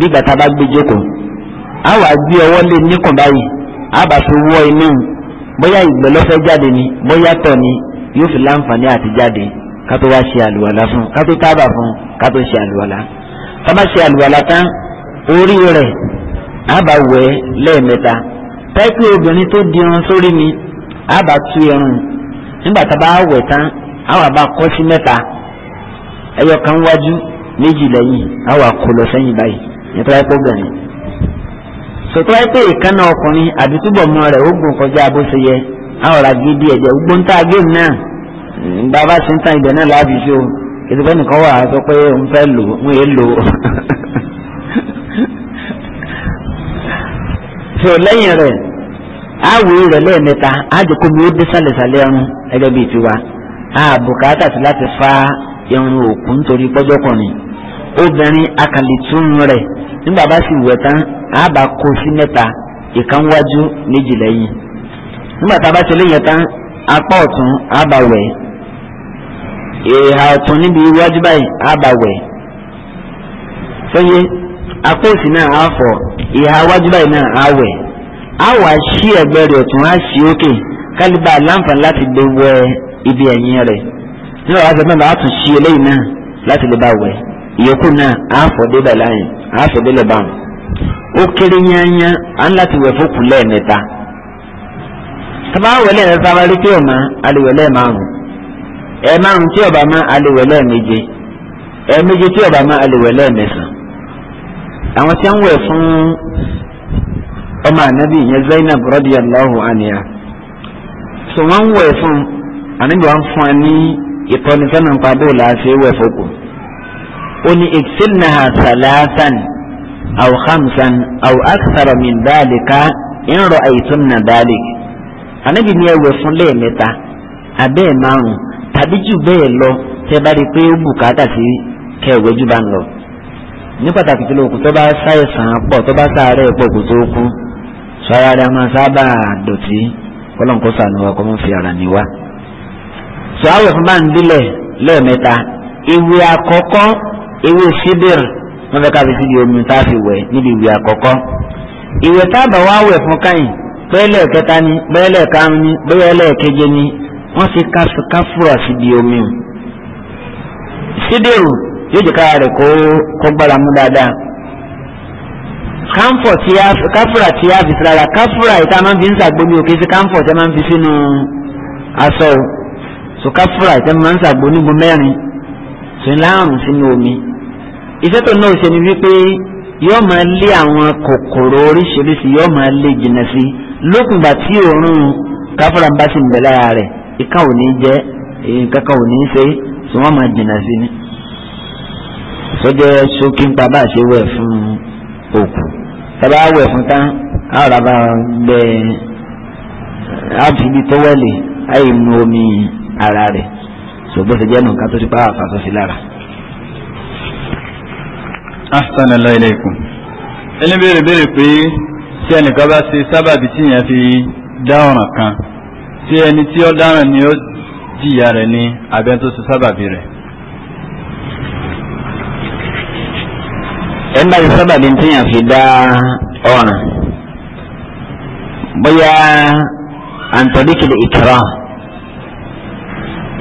bígbà tá a bá gbé jókòó a wà gbé ọwọ́ lé níkùn báyìí a bá fi wọ́ inú bóyá ìgbẹ́ lọ́fẹ́ jáde ni bóyá tọ̀ ni yóò fi láǹfààní àti jáde ká tó wá ṣe àlùwàlá fún ká tó tábà fún ká tó ṣe àlùwàlá ká má ṣe àlùwàlá tán orí rẹ̀ a bá wẹ̀ lẹ́ẹ̀mẹ́ta táìpé obìnrin tó di irun sórí ni a bá tú irun nígbà tá a bá wẹ̀ tán a wà bá kọ́ sí mẹ́ta ẹyọ kan wájú méjì lẹ́yìn a wà kó lọ sẹ́yìn báyìí. nítorí pé so sọtọ́ ẹ pé ìkànnà ọkùnrin àbí mọ́ rẹ̀ ó gùn kọjá bó ṣe yẹ àwòrán gidi ẹ̀jẹ̀ gbogbo ń tá a géèmù náà bàbá ṣe ń tan ibẹ̀ náà láàbì ṣó nìkan wà á sọ pé òun fẹ́ lò òun yé lò so lẹ́yìn rẹ̀ àwọ̀ rẹ̀ lẹ́ẹ̀mẹ́ta àjòkó mi ó dé sàlẹ̀sàlẹ̀ ẹrun bíi tiwa fa irun obìnrin akàlìtún rẹ nígbà bá sì si tán àbá kó sí mẹ́ta ìkan méjì lẹ́yìn nígbà tá a bá tẹ̀lé yẹn tán apá ọ̀tún àbá wẹ ìhà ọ̀tún níbi iwájú báyìí apá òsì náà ìhà iwájú báyìí náà òkè kálíbà láǹfààní láti ibi nígbà wàá bàbá tún sí eléyìí náà láti lè bá ìyókù náà àáfọ̀débẹ̀ láyìn àáfọ̀débẹ̀ báwọn ó kéré yányá à ń láti wẹ̀ fókù lẹ́ẹ̀mẹ́ta tàbá wẹ̀lẹ́ rẹ̀ tàbá rí pé ọ̀ma aliwẹ̀lẹ́ márùn ẹ̀ márùn tí ọ̀bà má aliwẹ̀lẹ́ méje ẹ̀ méje tí ọ̀bà má aliwẹ̀lẹ́ mẹ́sàn àwọn tí wọ́n wẹ̀ fún ọmọ anabi yẹn Zainab so wọ́n wẹ̀ fún anabi wọn fún ẹ ní ìtọ́nisọ́nà pàdé làásì wẹ̀ ó ní na sàlásán aw khamsan aw akthara in ra'aytunna dhalik ànábì ní ẹwẹ̀ fún lẹ́ẹ̀mẹ́ta abẹ́ẹ̀ tàbí jù bẹ́ẹ̀ lọ tẹ́ bá rí i pé ó bùkátà sí kẹwẹ́ jù bá ń lọ ní pàtàkì tí lóòkù tó bá ṣàìsàn pọ̀ tó bá ṣàárẹ̀ pọ̀ kò tó kú sọ́ra rẹ̀ máa sábà dọ̀tí kọ́lọ́nkó sànù wa mọ́ fi ara ewé sídìr wọn fẹ́ ká fi síbi omi tá a fi wẹ̀ níbi ìwé àkọ́kọ́ ìwé táàbà wá wẹ̀ fún káyìn bẹ́ẹ̀lẹ̀ kẹta ni bẹ́ẹ̀lẹ̀ karùn ni bẹ́ẹ̀lẹ̀ keje ni wọ́n fi káfúrà síbi omi o sídìr yóò jẹ́ kára rẹ̀ kó kó gbára mú dáadáa káfúrà tí a káfúrà tí a fi sára káfúrà yìí tá a máa fi ń sàgbóni òkè sí káfúrà tí a máa fi sínú aṣọ o so káfúrà yìí tá a máa ń sàgbóni gbó mẹ́rin tó ń láàrùn sínú omi iṣẹ́ tó náà ṣe ni wípé yóò máa lé àwọn kòkòrò oríṣiríṣi yóò máa lé jìnnà sí lókùngbà tí òórùn káfọ́ra ń bá sì ń bẹ lára rẹ̀ ìka ò ní jẹ́ nǹkan kan ò ní ṣe tí wọ́n máa jìnnà sí ni. sọ́jọ́ ṣókí ń pa bá a ṣe wẹ̀ fún òkú tàbá wẹ̀ fún tán àwọn àbá bẹ àbí tọ́wẹ́lì àìmú omi ara rẹ̀ ṣùgbọ́n ṣe jẹ́ nǹkan tó ti pa àfàṣọ sí lára. ahsan allah ilaykum ẹni béèrè béèrè pé tí ẹnìkan bá ṣe sábàbí tí yẹn fi dá ọ̀ràn kan tí ẹni tí ó dáràn ni ó jìyà rẹ̀ ní abẹ́ tó ṣe sábàbí rẹ̀. ẹ̀ ń bá ṣe sábàbí tí yẹn fi dá ọ̀ràn bóyá àǹtọ̀díkìlì ìkìrọ̀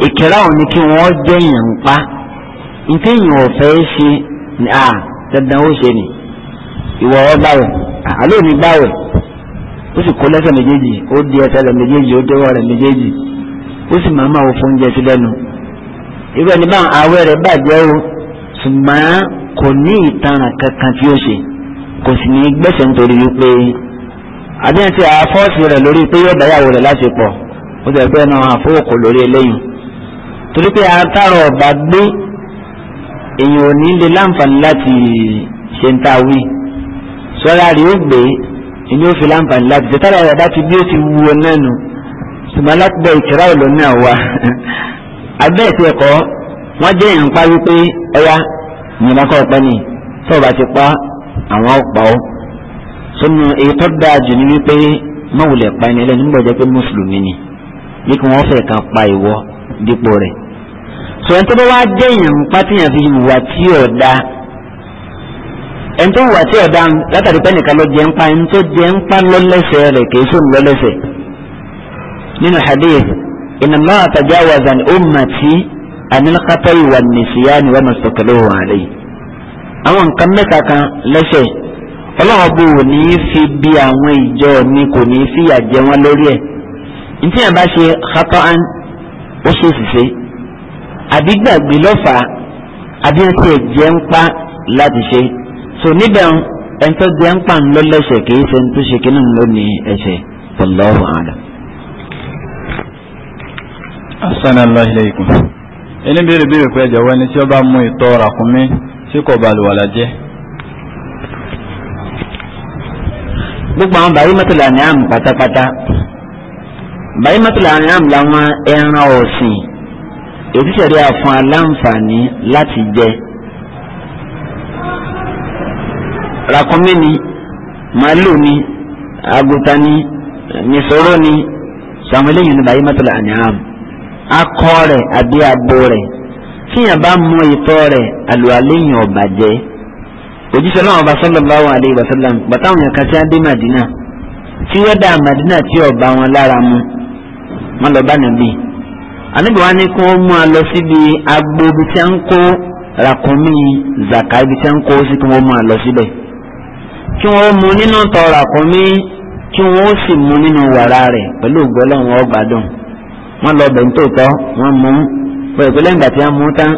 ìkẹ́rà ò ní kí wọ́n jẹ́ èèyàn ń pa nǹkan èèyàn ò fẹ́ ṣe ni à dandan ó ṣe ni ìwọ ọ báwẹ̀ àlọ́ ò ní báwẹ̀ ó sì kó lẹ́sẹ̀ méjèèjì ó di ẹsẹ̀ rẹ̀ méjèèjì ó dẹ́wọ́ rẹ̀ méjèèjì ó sì máa máa wo fún oúnjẹ sí lẹ́nu irú ẹni báwọn àwẹ̀ rẹ̀ bàjẹ́ o ṣùgbọ́n kò ní ìtanràn kankan tí ó ṣe kò sì ní gbẹ̀sẹ̀ nítorí wípé àbí ẹni tí a fọ́ọ̀sì rẹ̀ lórí pé yóò báyàwó rẹ̀ láṣepọ̀ ó sì rẹ̀ pé ẹnu lórí eléyìí torí pé àtàrà ọba gbé èèyàn ò ní lè láǹfààní láti ṣe ń ta wí sọ́ra rí ó gbé èmi ò fi láǹfààní láti ṣe tára rẹ̀ ti bí ó ti wú ọ náà nù ṣùgbọ́n láti bẹ ìtura ò lónìí àwa abẹ́ ìtì ẹ̀kọ́ wọ́n jẹ́ èèyàn pa wípé ọ̀ya ìyìnbọn kọ́ ọ̀pẹ́ ni tó o bá ti pa àwọn ọ̀pá ọ sọ́nù èyí tó dáa jù ní wípé mọ̀wùlẹ̀ pa ẹni ẹlẹ́ni nígbà jẹ́ pé mùsùlùmí ni ní kí wọ́n fẹ́ kan pa ìwọ dípò rẹ̀ sọ̀rọ̀ tó bá wá jẹ́ èèyàn pátíyàn fi wà tí ọ̀dà ẹni tó wà tí ọ̀dà látàrí pé nìkan ló jẹ́ ń pa ẹni tó jẹ́ ń pa lọ́lẹ́sẹ̀ rẹ̀ kìí sóun lọ́lẹ́sẹ̀ nínú hadith inna Allaha tajawaza an ummati anil khata'i wan nisyani wa mastaqaluhu alayhi àwọn nǹkan mẹ́ta kan lẹ́sẹ̀ ọlọ́wọ́n bò wò ní fi bí àwọn ìjọ mi kò ní fìyà jẹ wọn lórí ẹ̀ ntí yẹn bá ṣe khata'an ó ṣe òṣìṣẹ́ àbí gbàgbé lọ́fà àbí ń ṣe jẹ́ ń pa láti ṣe so níbẹ̀ ẹni tó jẹ́ ń pa ń lọ lẹ́sẹ̀ kìí ṣe ń tó ṣe kí nínú ní ẹsẹ̀ wallahu a'lam. assalamu alaykum ẹni béèrè béèrè pé ẹjọ wẹni tí ó bá mú ìtọ̀ ràkúnmí tí kò bá lùwàlà jẹ́. gbogbo àwọn bàyí mọ́tòlá ní àmì pátápátá bàyí mọ́tòlá ní àmì làwọn ẹran ọ̀sìn ètí sẹ̀rí àfún aláǹfààní láti jẹ. ràkúnmí ni màálù ni àgùtà ni nìṣòro ni sàmúlẹ̀ yìí ni bàyí mọ́tòlá àníhàm akọ rẹ̀ àbí abo rẹ̀ tíyàn bá mọ ìtọ́ rẹ̀ àlùhàlẹ́yìn ọ̀bàjẹ́ òjíṣẹ́ náà ọba sallallahu alaihi wasallam bàtàwọn yàn kàtí adé màdínà tí wọ́n dá màdínà tí ọba wọn lára mu wọn lọ bá nàbí ànábì wa ní kí wọ́n mú a lọ síbi agbo ibi tí a ń kó ràkúnmí zaka ibi tí a ń kó sí kí wọ́n mú a lọ síbẹ̀ kí wọ́n mú nínú tọ̀ ràkúnmí kí wọ́n sì mú nínú wàrà rẹ̀ pẹ̀lú ògbọ́lọ́hún ọgbàdùn wọ́n lọ bẹ̀ ń tòótọ́ wọ́n mú pẹ̀lú pẹ̀lú ìgbà tí a mú tán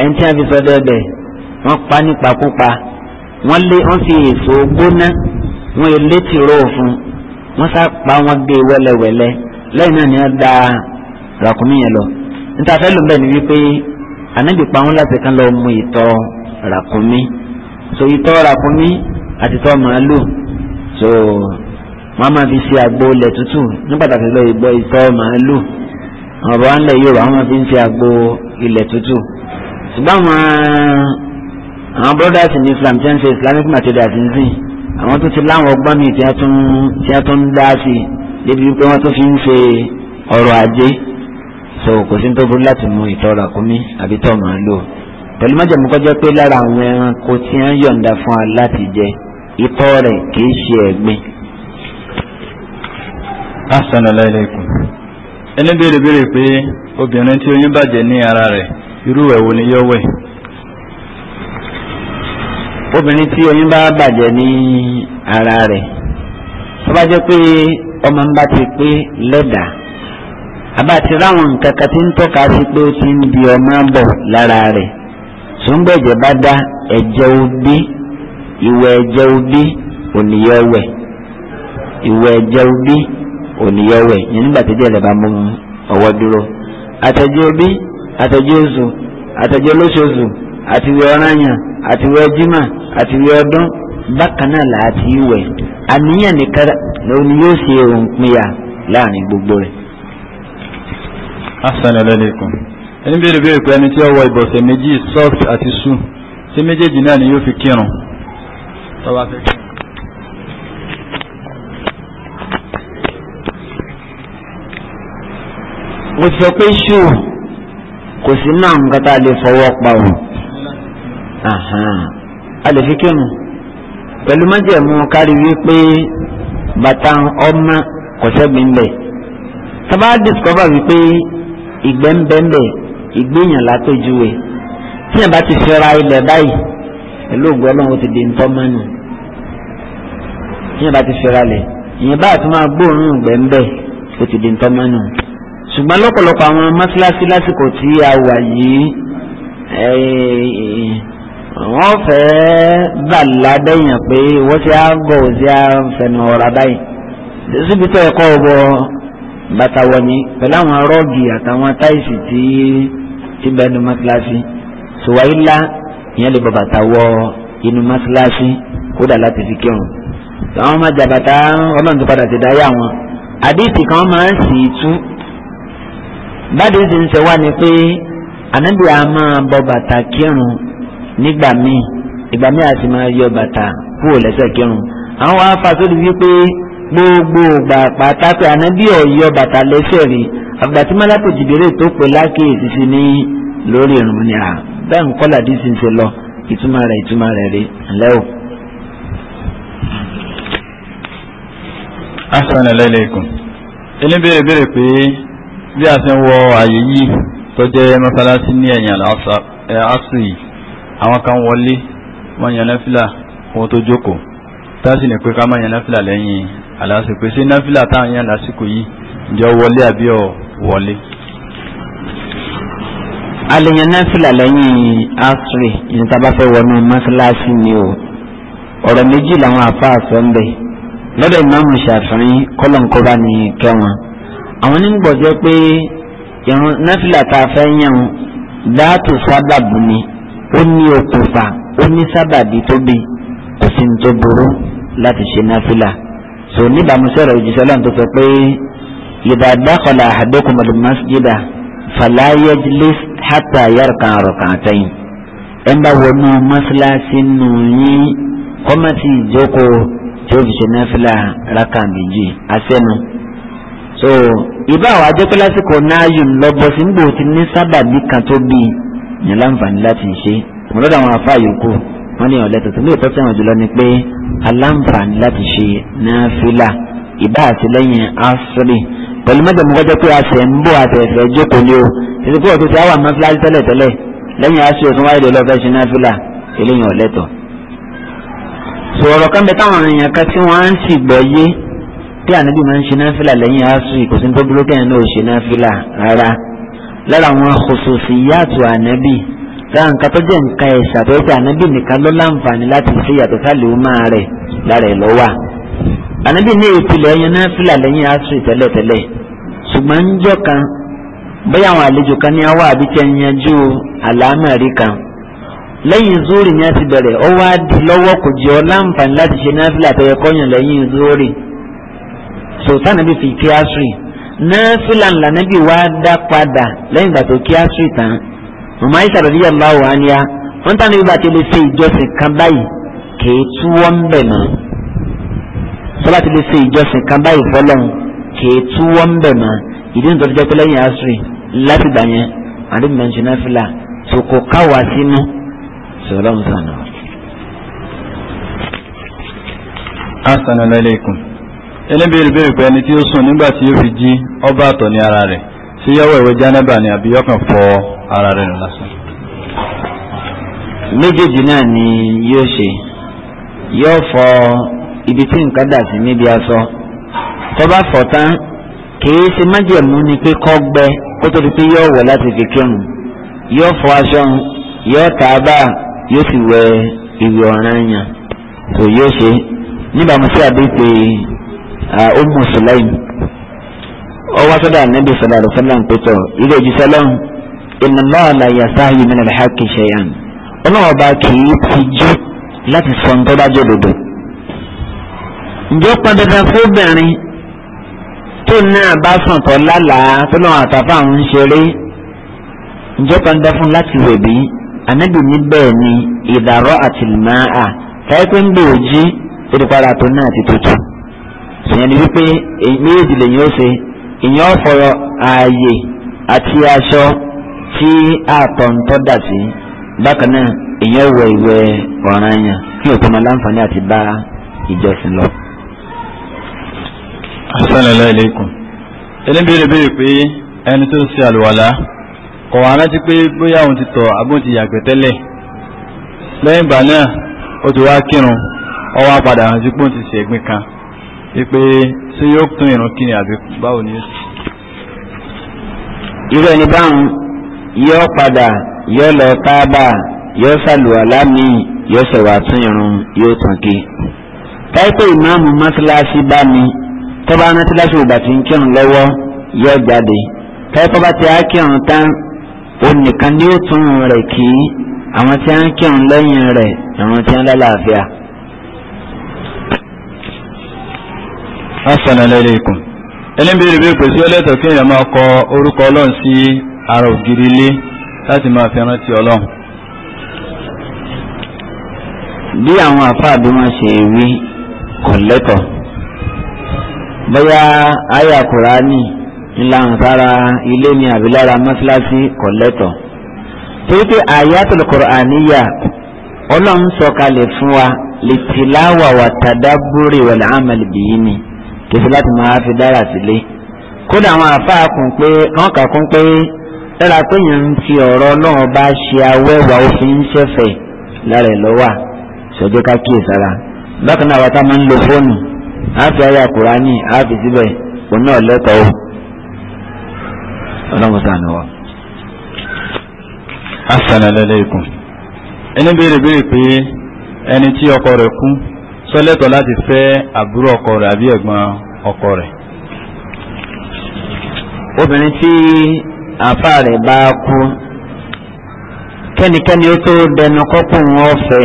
ẹni tí a fi pa nípa kópa wọ́n lé wọ́n fi èso gbóná wọ́n lé tìró òfun wọ́n sá pa wọ́n gbé wẹ́lẹ́wẹ́lẹ́ lẹ́yìn náà ni wọ́n dáa. Rakumi yẹn lọ níta fẹ́ lò bẹ́ẹ̀ ni wípé ànábì pa wọn láti kan lọ mu ìtọ̀ ràkúnmí so ìtọ̀ rakumi àti ìtọ̀ màálù so wọn máa fi ṣe àgbo ilẹ̀ tútù ní pàtàkì lọ ìgbọ́ ìtọ̀ màálù àwọn bàbá ńlẹ̀ Yorùbá wọn fi ń ṣe àgbo ilẹ̀ tútù ṣùgbọ́n àwọn àwọn brothers in Islam ti ń ṣe Islamic material ti ń sìn àwọn tó ti láwọn ọgbọ́n mi tí a tún ń dá sí débi wípé wọ́n tún fi ń ṣe ọrọ̀ ajé so kò sí tó burú láti mú ìtọ̀ ràkúnmí àbí tọ̀ màálù pẹ̀lú májèmú kọjá pé lára àwọn ẹranko tí wọ́n yọ̀ǹda fún wa láti jẹ ìtọ̀ rẹ̀ kìí ṣe ẹ̀gbin. assalamu alaikum ẹni béèrè béèrè pé obìnrin tí oyún bàjẹ́ ní ara rẹ̀ irú ẹ̀ wo ni yó wẹ̀. obìnrin tí oyún bá bàjẹ́ ní ara rẹ̀ tó bá jẹ́ pé ọmọ ń bá ti pé lẹ́dàá àbàtì ráwọn nǹkan kan tí ń tọ́ka sí pé ó ti ń di ọmọ bọ̀ lára rẹ̀ ṣùgbọ́njẹ̀ bá dá ẹ̀jẹ̀ obi ìwẹ̀ ẹ̀jẹ̀ obi òníyẹ̀wẹ̀ ìwẹ̀ ẹ̀jẹ̀ obi òníyẹ̀wẹ̀ yẹn nígbà tí díẹ̀ bá mú ọwọ́ dúró àtẹ̀jẹ̀ obi àtẹ̀jẹ̀ oṣù àtẹ̀jẹ̀ olóṣooṣù àti ọ̀ranyàn àti jimá àti ọdún bákan náà làá ti àníyàn nìkan ló ni yóò ṣe òun láàrin gbogbo rẹ̀. Assalamu alaikum ẹni béèrè béèrè pé ẹni tí ó wọ ìbọ̀sẹ̀ méjì soft àti su ṣé méjèèjì náà ni yóò fi kírun tó bá fẹ́ kírun. mo ti sọ pé ṣù kò sí náà nǹkan tá a lè fọwọ́ pa o a lè fi kírun pẹ̀lú májẹ̀mú kárí wípé bàtà ọmọ kò sẹ́gbìn bẹ̀ tá discover wípé ìgbẹ́ ń bẹ́ńbẹ́ ìgbéyàn lápéjúwe tí yẹn bá ti fi ra ilẹ̀ báyìí pẹ̀lú ògùn ọlọ́run ti di ntọ́ mọ́nù tí yẹn bá ti fi ra lẹ̀ ìyẹn bá àti máa gbóòórùn ìgbẹ́ ń bẹ́ ó ti di ntọ́ mọ́nù ṣùgbọ́n lọ́pọ̀lọpọ̀ àwọn mọ́sálásí lásìkò tí a wà yìí wọ́n fẹ́ẹ́ bà ládẹ́yìn pé wọ́n ti á gọ̀ òsì àfẹnù ọ̀rá báyìí síbi tó ẹ̀kọ́ ọ̀bọ̀ bàtà wọ̀nyí pẹ̀lú àwọn rọ́ọ̀gì àtàwọn táìsì tí tí bẹ́ẹ̀ nu mọ́sálásí sòwáyé ńlá ìyẹn lè bọ̀ bàtà wọ inú mọ́sálásí kódà láti fi kírun àwọn ọmọ jàbàtà ọlọ́run tó padà ti dáyà wọn àdéhìtì kan máa ń sì í tú báde ti ń sẹ wá ni pé ànábì a máa bọ bàtà kírun nígbà míì ìgbà míì a sì máa yọ bàtà kúrò lẹ́sẹ̀ kírun àwọn wàá sódì wípé gbogbo ògbà pátá pé ànábì ọ̀yọ́ bàtà lẹ́sẹ̀ rí àgbà tí mọ́lákò jìbìrì tó pè lákèésí sí ní lórí ìrùn ni à bẹ́ẹ̀ ń kọ́là dí sí ń ṣe lọ ìtumọ̀ rẹ̀ ìtumọ̀ rẹ̀ rí ńlẹ́ o. asana lẹ́lẹ́kùn elébèrè béèrè pé bí a ṣe ń wọ àyè yìí tó jẹ́ mọ́sálásí ní ẹ̀yìn àṣù yìí àwọn kan wọlé wọ́n yàn náfìlà wọ́n tó jókòó táàsì ní pé ká má yàn náfìlà lẹ́yìn àlásìkò sí náfìlà táwọn yàn lásìkò yìí ǹjẹ́ wọlé àbí ọ̀ wọlé. àlèyàn náfìlà lẹ́yìn asiri ní tábà fẹ́ wọnú mọ́sálásí ni o ọ̀rọ̀ méjì làwọn àfa àsọ̀ǹbẹ̀ lọ́dọ̀ ìmáàmù ṣàfihàn kọ́lọ̀ǹkọ́ba ní kẹwọn àwọn onígbọ̀ jẹ́ pé ìrun náfìlà tá a fẹ́ yàn dáàtò sábàbù ni ó ní okùnfà ó ní sábàbí tó kò sí ní tó burú láti ṣe náfìlà so níbàámu sọ̀rọ̀ òjíṣẹ́ lọ́n tó sọ pé idha dakhala ahadukumul masjida fala yajlis hatta yarka rak'atayn ẹ̀ ń bá wọnú mọ́ṣáláṣí nù yín kọ́mọ̀tì ìjókòó tí ó fi ṣe náfìlà rákà méjì àṣẹnu. so ìbá àwọn ajẹ́ pé lásìkò náà yù ń lọ bọ́ sí ń gbòó ti ní sábàbí kan tó bí ìyẹn láǹfààní láti ṣe mo lọ́dọ̀ àwọn afá yòókù wọ́n ní ọ̀lẹ́ tuntun ní ìtọ́sẹ̀ wọn jùlọ ni pé aláǹfààní láti ṣe náfìlà ìbá àtìlẹ́yìn asúrì pẹ̀lú mẹ́tẹ̀mú kọjá pé àṣẹ ń bọ̀ àtẹ̀fẹ̀ jókòó ni o títí pé òtútù àwọn amáfíláṣí tẹ́lẹ̀ tẹ́lẹ̀ lẹ́yìn asúrì òtún wáyé lọ́fẹ́ ṣe náfìlà eléyìn ọ̀lẹ́ tọ̀. sọ̀rọ̀ kan bẹ táwọn èèyàn kan tí wọ́n á sì gbọ́ yé tí ànábì máa ń ṣe náfìlà lẹ́yìn asúrì kò sí ní tó burúkú ra nǹkan tó jẹ́ nǹkan ẹ̀ṣà tó ṣe ànábì nìkan ló láǹfààní láti ṣe yàtọ̀ sálẹ̀ ọmọ rẹ̀ lára ẹ̀ lọ́wọ́ ànábì ní ìpìlẹ̀ ẹ̀yàn náà fìlà lẹ́yìn asiri tẹ́lẹ̀tẹ́lẹ̀ ṣùgbọ́n ń jọ kan bóyá àwọn àlejò kan ní awọ àbí tẹ́ ń yanjú àlámọ̀rí kan lẹ́yìn zuri ni a ti bẹ̀rẹ̀ ó wá di lọ́wọ́ kò jẹ́ ọ láǹfààní láti ṣe náà fìlà tó yẹ asiri náà fìlà ńlá náà bí wá dá padà lẹ́yìn ìgbà asiri tán mọ̀mọ́ ayíṣà radiyallahu anha wọ́n tàn níbi bàtí lè ṣe ìjọsìn kan báyìí kèé tú wọ́n bẹ̀ mọ́ sọlá ti lè ṣe ìjọsìn kan báyìí fọlọ́n kèé tú wọ́n bẹ̀ mọ́ ìdí nítorí jẹ́ pé lẹ́yìn asiri láti gbà yẹn àdébí mẹ́ńtì náà fìlà tó kò káwá sínú sọlọ́n sànà. assalamu alaikum ẹni bèrè bèrè pé ẹni tí ó sùn nígbà tí ó fi jí ọba àtọ̀ ní ara rẹ̀ sí yọ́wọ́ ìwé jánẹ́bà ni àbí yọ́kàn fọ ara rẹ̀ lásán. méjèèjì náà ni yóò ṣe yóò fọ ibi tí nǹkan dà sí níbi aṣọ tó bá fọ tán kìí ṣe májẹ̀mú ni pé kó gbẹ kó tó di pé yóò wọ̀ láti fi kírun yóò fọ aṣọ yóò tà á bá yóò sì wẹ ìwé ọ̀ràn yàn tó yóò ṣe níbàámu sí àdéhùn pé ó mú sùláìmù ọwọ́ sọ́dọ̀ ànábì sallallahu alaihi wasallam pẹ̀tọ̀ ilé ìjísẹ́ lọ́hùn inna Allaha la yastahi min al-haqqi shay'an ọlọ́wọ́ bá kì í tijú láti sọ ń tọ́ba jẹ́ òdodo. ǹjẹ́ pọn dandan tó náà bá sùn tọ́ lálàá tó náà àtàfà ń ṣeré ǹjẹ́ pọn fún láti wẹ̀ bí ní bẹ́ẹ̀ ni ìdàrọ́ àti màá táìpé ń gbòòjì ó tó náà ti tutù. sèyàn ni wípé èyí méjèèjì lèyìn ṣe ìyẹn ọ̀fọ̀rọ̀ ààyè àti aṣọ tí àtọ̀ǹtọ̀ dà sí bákan náà ìyẹn wọ ìwẹ̀ ọ̀ràn yẹn kí òkú máa láǹfààní àti bá ìjọsìn lọ. Assalamu alaikum ẹni béèrè béèrè pé ẹni tó ṣe àlùwàlá kò wá rántí pé bóyá òun ti tọ̀ àbóun ti yàgbẹ́ tẹ́lẹ̀ lẹ́yìn ìgbà náà ó ti wá kírun ó wá padà pé òun ti ṣe kan wípé tí yóò tún ìrun kí ni àbí báwo ni. irú ẹni báwọn yóò padà yóò lọ tábà yóò ṣàlùwàlá mi yóò ṣẹ̀wà tún ìrun yóò tàn kí. táìpẹ́ ìmáàmù mọ́ṣáláṣí bá mi tó bá rántí lásìkò ìgbà ń kírun lọ́wọ́ yóò jáde táìpẹ́ bá ti á kírun tán onìkan ni ó tún rẹ̀ kí àwọn tí a ń kírun lẹ́yìn rẹ̀ àwọn tí a ń lálàáfíà. assalamu alaikum ẹni bí rèé pè sí ọlẹ́tọ̀ kí èèyàn máa kọ orúkọ ọlọ́run sí ara ògiri ilé láti máa fi rántí ọlọ́run. bí àwọn àfáà bí wọ́n ṣe wí kò lẹ́tọ̀ bóyá àyà kùránì ìlànà sára ilé ni àbí lára kò lẹ́tọ̀ torí pé àyàtul kùránìyà ọlọ́run sọ̀kalẹ̀ fún wa lè tìláwà wà tàdábúrì wal amali bìí kìsì láti máa fi dára sílé kódà àwọn àfáà kún pé wọn kà kún pé lára pé yẹn ń fi ọ̀rọ̀ náà bá ṣe awẹ́wà òfin ṣẹ̀fẹ̀ lára ẹ̀ lọ́wà ṣọjọ́ ká kíyè sára bákan náà wàtá máa ń lo fóònù ayé àkùránì síbẹ̀ òun náà lẹ́tọ̀ọ́ ọlọ́run ẹni béèrè béèrè pé ẹni ọkọ rẹ̀ kú sọ́lẹ́tọ̀ láti fẹ́ àbúrò ọkọ rẹ̀ àbí ẹ̀gbọ́n ọkọ rẹ̀. obìnrin tí àfa rẹ̀ bá kú kẹ́nikẹ́ni ó tó dẹnu kọ́pù wọn fẹ́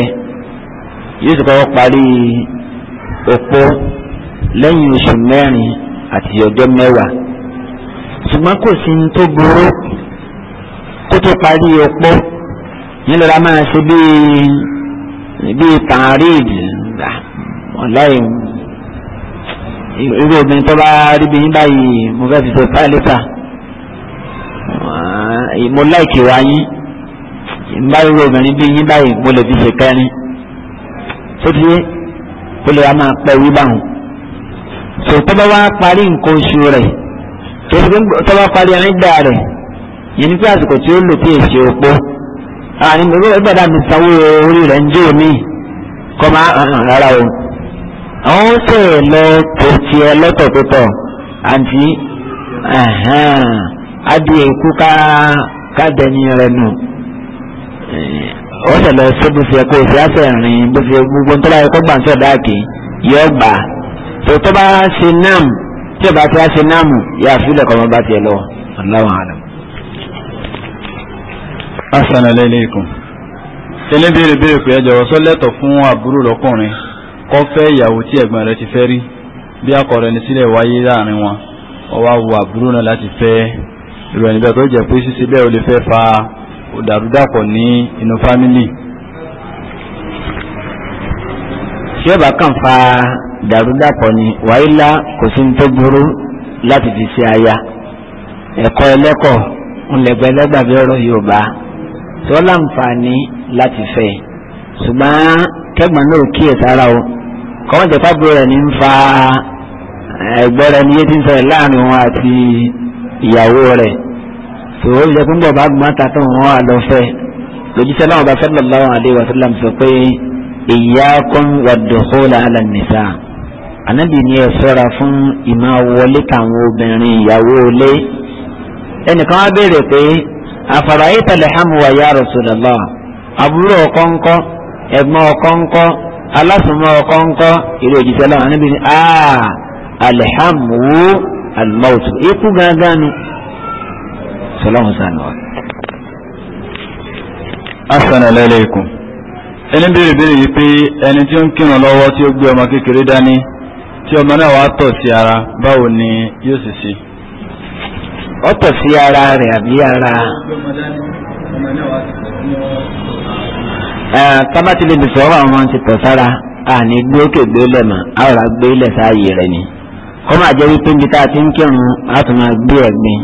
yóò sì kọ́kọ́ parí òpó lẹ́yìn oṣù mẹ́rin àti ọjọ́ mẹ́wàá ṣùgbọ́n kò sí ní tó burú kó tó parí òpó yín lọ́ra máa ṣe bíi bíi tààrí ìdìgbà ọ̀láyé irú obìnrin tó bá rí bí yín báyìí mo fẹ́ fi ṣe pálítà mo láìkì wá yín n bá irú obìnrin bí yín báyìí mo lè fi ṣe kẹrin tó ti yé kó lè wá máa pẹ́ wí báwọn tó tó bá wá parí nǹkan oṣù rẹ̀ tó tó bá parí ẹ̀rígbà rẹ̀ yẹn ní pé àsìkò tí ó lò tí èsì òpó àní ìgbàdá mi sanwó orí rẹ̀ ń jó mi kọ́ máa rárá o àwọn ó sì lọ tó ti ẹ lọ́tọ̀ tó tọ̀ àǹtí adìẹ ikú ká ká dẹni rẹ nù ó sì lọ sí bó fi ẹkọ òsì àṣẹ rìn bó fi gbogbo nítorí ayẹkọ gbà ń sọ dáàkì yóò gbà tó tó bá ṣe náàmù tí ìbá tí wá ṣe náàmù yóò fi ilẹ̀kọ́ ọmọ bá tiẹ̀ lọ ọ̀làwọ̀n àlọ́. Assalamu alaikum elébeere béèrè pé ẹ jọ̀wọ́ sọ lẹ́tọ̀ fún àbúrò lọ́kùnrin kọ́ fẹ́ ìyàwó tí ẹ̀gbọ́n rẹ̀ ti fẹ́ rí bí akọ̀rọ̀ ẹni sílẹ̀ wáyé láàrin wọn ọwọ́ awọ àbúrò náà láti fẹ́ ìrọ̀ bẹ́ẹ̀ tó jẹ́ pé ṣíṣe bẹ́ẹ̀ ó lè fẹ́ fa òdàrúdàpọ̀ ní inú fámìlì. tí ó bá kàn fa dàrúdàpọ̀ ni wàhálà kò sí ní tó burú láti fi ṣe aya ẹ̀kọ́ ẹlẹ́kọ̀ọ́ ńlẹ̀gbẹ́lẹ́gbàbí ọ̀rọ̀ Yorùbá tó láǹfààní láti fẹ́ ṣùgbọ́n kẹ́gbọ̀n náà kíyè sára o kọ́wọ́n jẹ́ pábúrò rẹ̀ ní ń fa eh, ẹ̀gbọ́n rẹ̀ níye tí ń sọ̀rọ̀ láàrin òun àti ìyàwó rẹ̀ tòwó ìjẹ́ fún bọ̀bá gbọ́ta tó wọ́n wà lọ fẹ́ lójúṣẹ́ náà bá sallallahu alaihi wa sallam sọ pé iyyakum wad-dukhula ala nisa ànábì ni ẹ sọ́ra fún ìmọ̀ wọlé káwọn obìnrin ìyàwó ilé ẹnìkan á béèrè pé afara'ayta al-hamwa ya Rasulullah àbúrò kọ́ńkọ́ ẹ̀gbọ́n ọkọ ọkọ ìlú òjijì aláwọ̀ níbi ni aa ah, alihamu alimawutu ikú gángan ni sànù assalamu alaikum ẹni béèrè béèrè yìí pé ẹni tí ó ń kírun lọ́wọ́ tí ó gbé ọmọ kékeré dání tí ọmọ náà wàá tọ̀ sí ara báwo ni yóò sì sí. ó ara rẹ̀ tábàtì lè fọwọ́ àwọn ti tọ̀ sára àní gbókè gbélẹ̀ mọ́ àwòrán gbélẹ̀ sáàyè rẹ̀ ni kọ́ máa jẹ́ wípé níbi tá a ti ń kírun a tún máa gbé ẹ̀gbin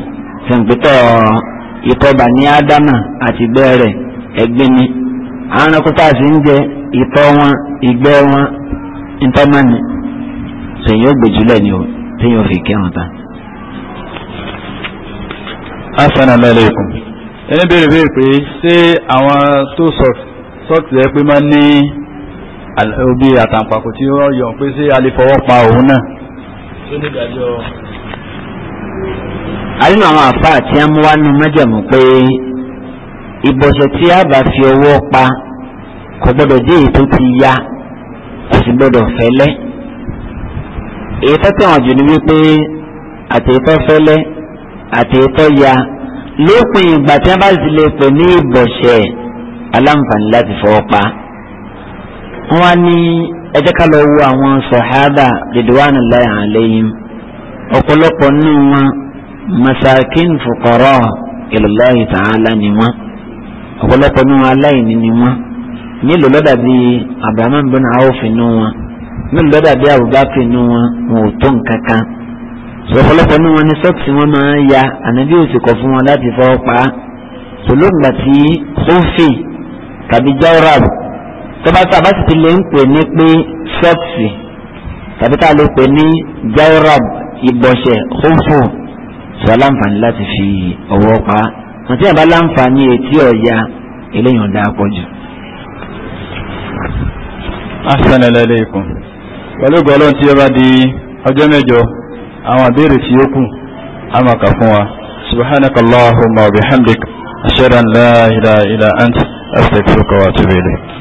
sèǹpítọ́ ìtọ́ba ní ádámà àti bẹ́ẹ̀rẹ̀ ẹ̀gbin ni àwọn ẹranko tá a sì ń jẹ ìtọ́ wọn ìgbẹ́ wọn ntọ́mọ́ni sèyìn ó gbèjúlẹ̀ ni o téèyàn fi kírun ta. ẹni pé ṣé sọ́ọ̀tì ẹ pé máa ní obi àtàǹpàkò tí ó yọ pé ṣé a lè fọwọ́ pa òun náà. tó ní ìdájọ́. àyínú àwọn àfa àti amúwánú májàmú pé ìbọ̀sẹ̀ tí a bá fi ọwọ́ pa kò gbọ́dọ̀ dé èyí ti ya kò sì gbọ́dọ̀ fẹ́lẹ́ èyí tó tẹ̀wọ̀n jù ni wípé àtẹ̀tọ́ fẹ́lẹ́ àtẹ̀tọ́ ya lópin ìgbà tí a bá ti lè pè ní ìbọ̀sẹ̀ aláǹfààní láti fọwọ́ pa. wọ́n wá ní ẹ jẹ́ ká lọ wo àwọn sọ̀hábà ridwanullahi alayhim ọ̀pọ̀lọpọ̀ nínú wọn masakin fuqara ilallahi ta'ala ni wọn ọ̀pọ̀lọpọ̀ nínú aláìní ni wọn nílùú lọ́dà bíi Abraham bin Awf nínú wọn nílùú lọ́dà bíi Abubakar nínú wọn wọn ò tó nǹkan kan sọ̀pọ̀lọpọ̀ nínú wọn ni sọ́ọ̀tì wọn máa ń ya ànábì òsì kọ̀ fún wọn láti fọwọ́ pa á tí ó fèè tàbí jawrab tọ́ba tá a bá sì ti lè ń pè ní pé ṣọ́ọ̀tì tàbí tá a lè pè ní jawrab ìbọ̀ṣẹ̀ hófò sọ láǹfààní láti fi ọwọ́ pa àti àbá láǹfààní etí ọ̀ya eléyìí ọ̀dà àpọ̀jù. Assalamu alaikum pẹ̀lú gọ́ọ̀lọ́ tí ó bá di ọjọ́ mẹ́jọ àwọn àbẹ̀rẹ̀ tí ó kù á máa kà fún wa subhanakallahumma wa bihamdik ashhadu an la ilaha illa anta. as they took out really.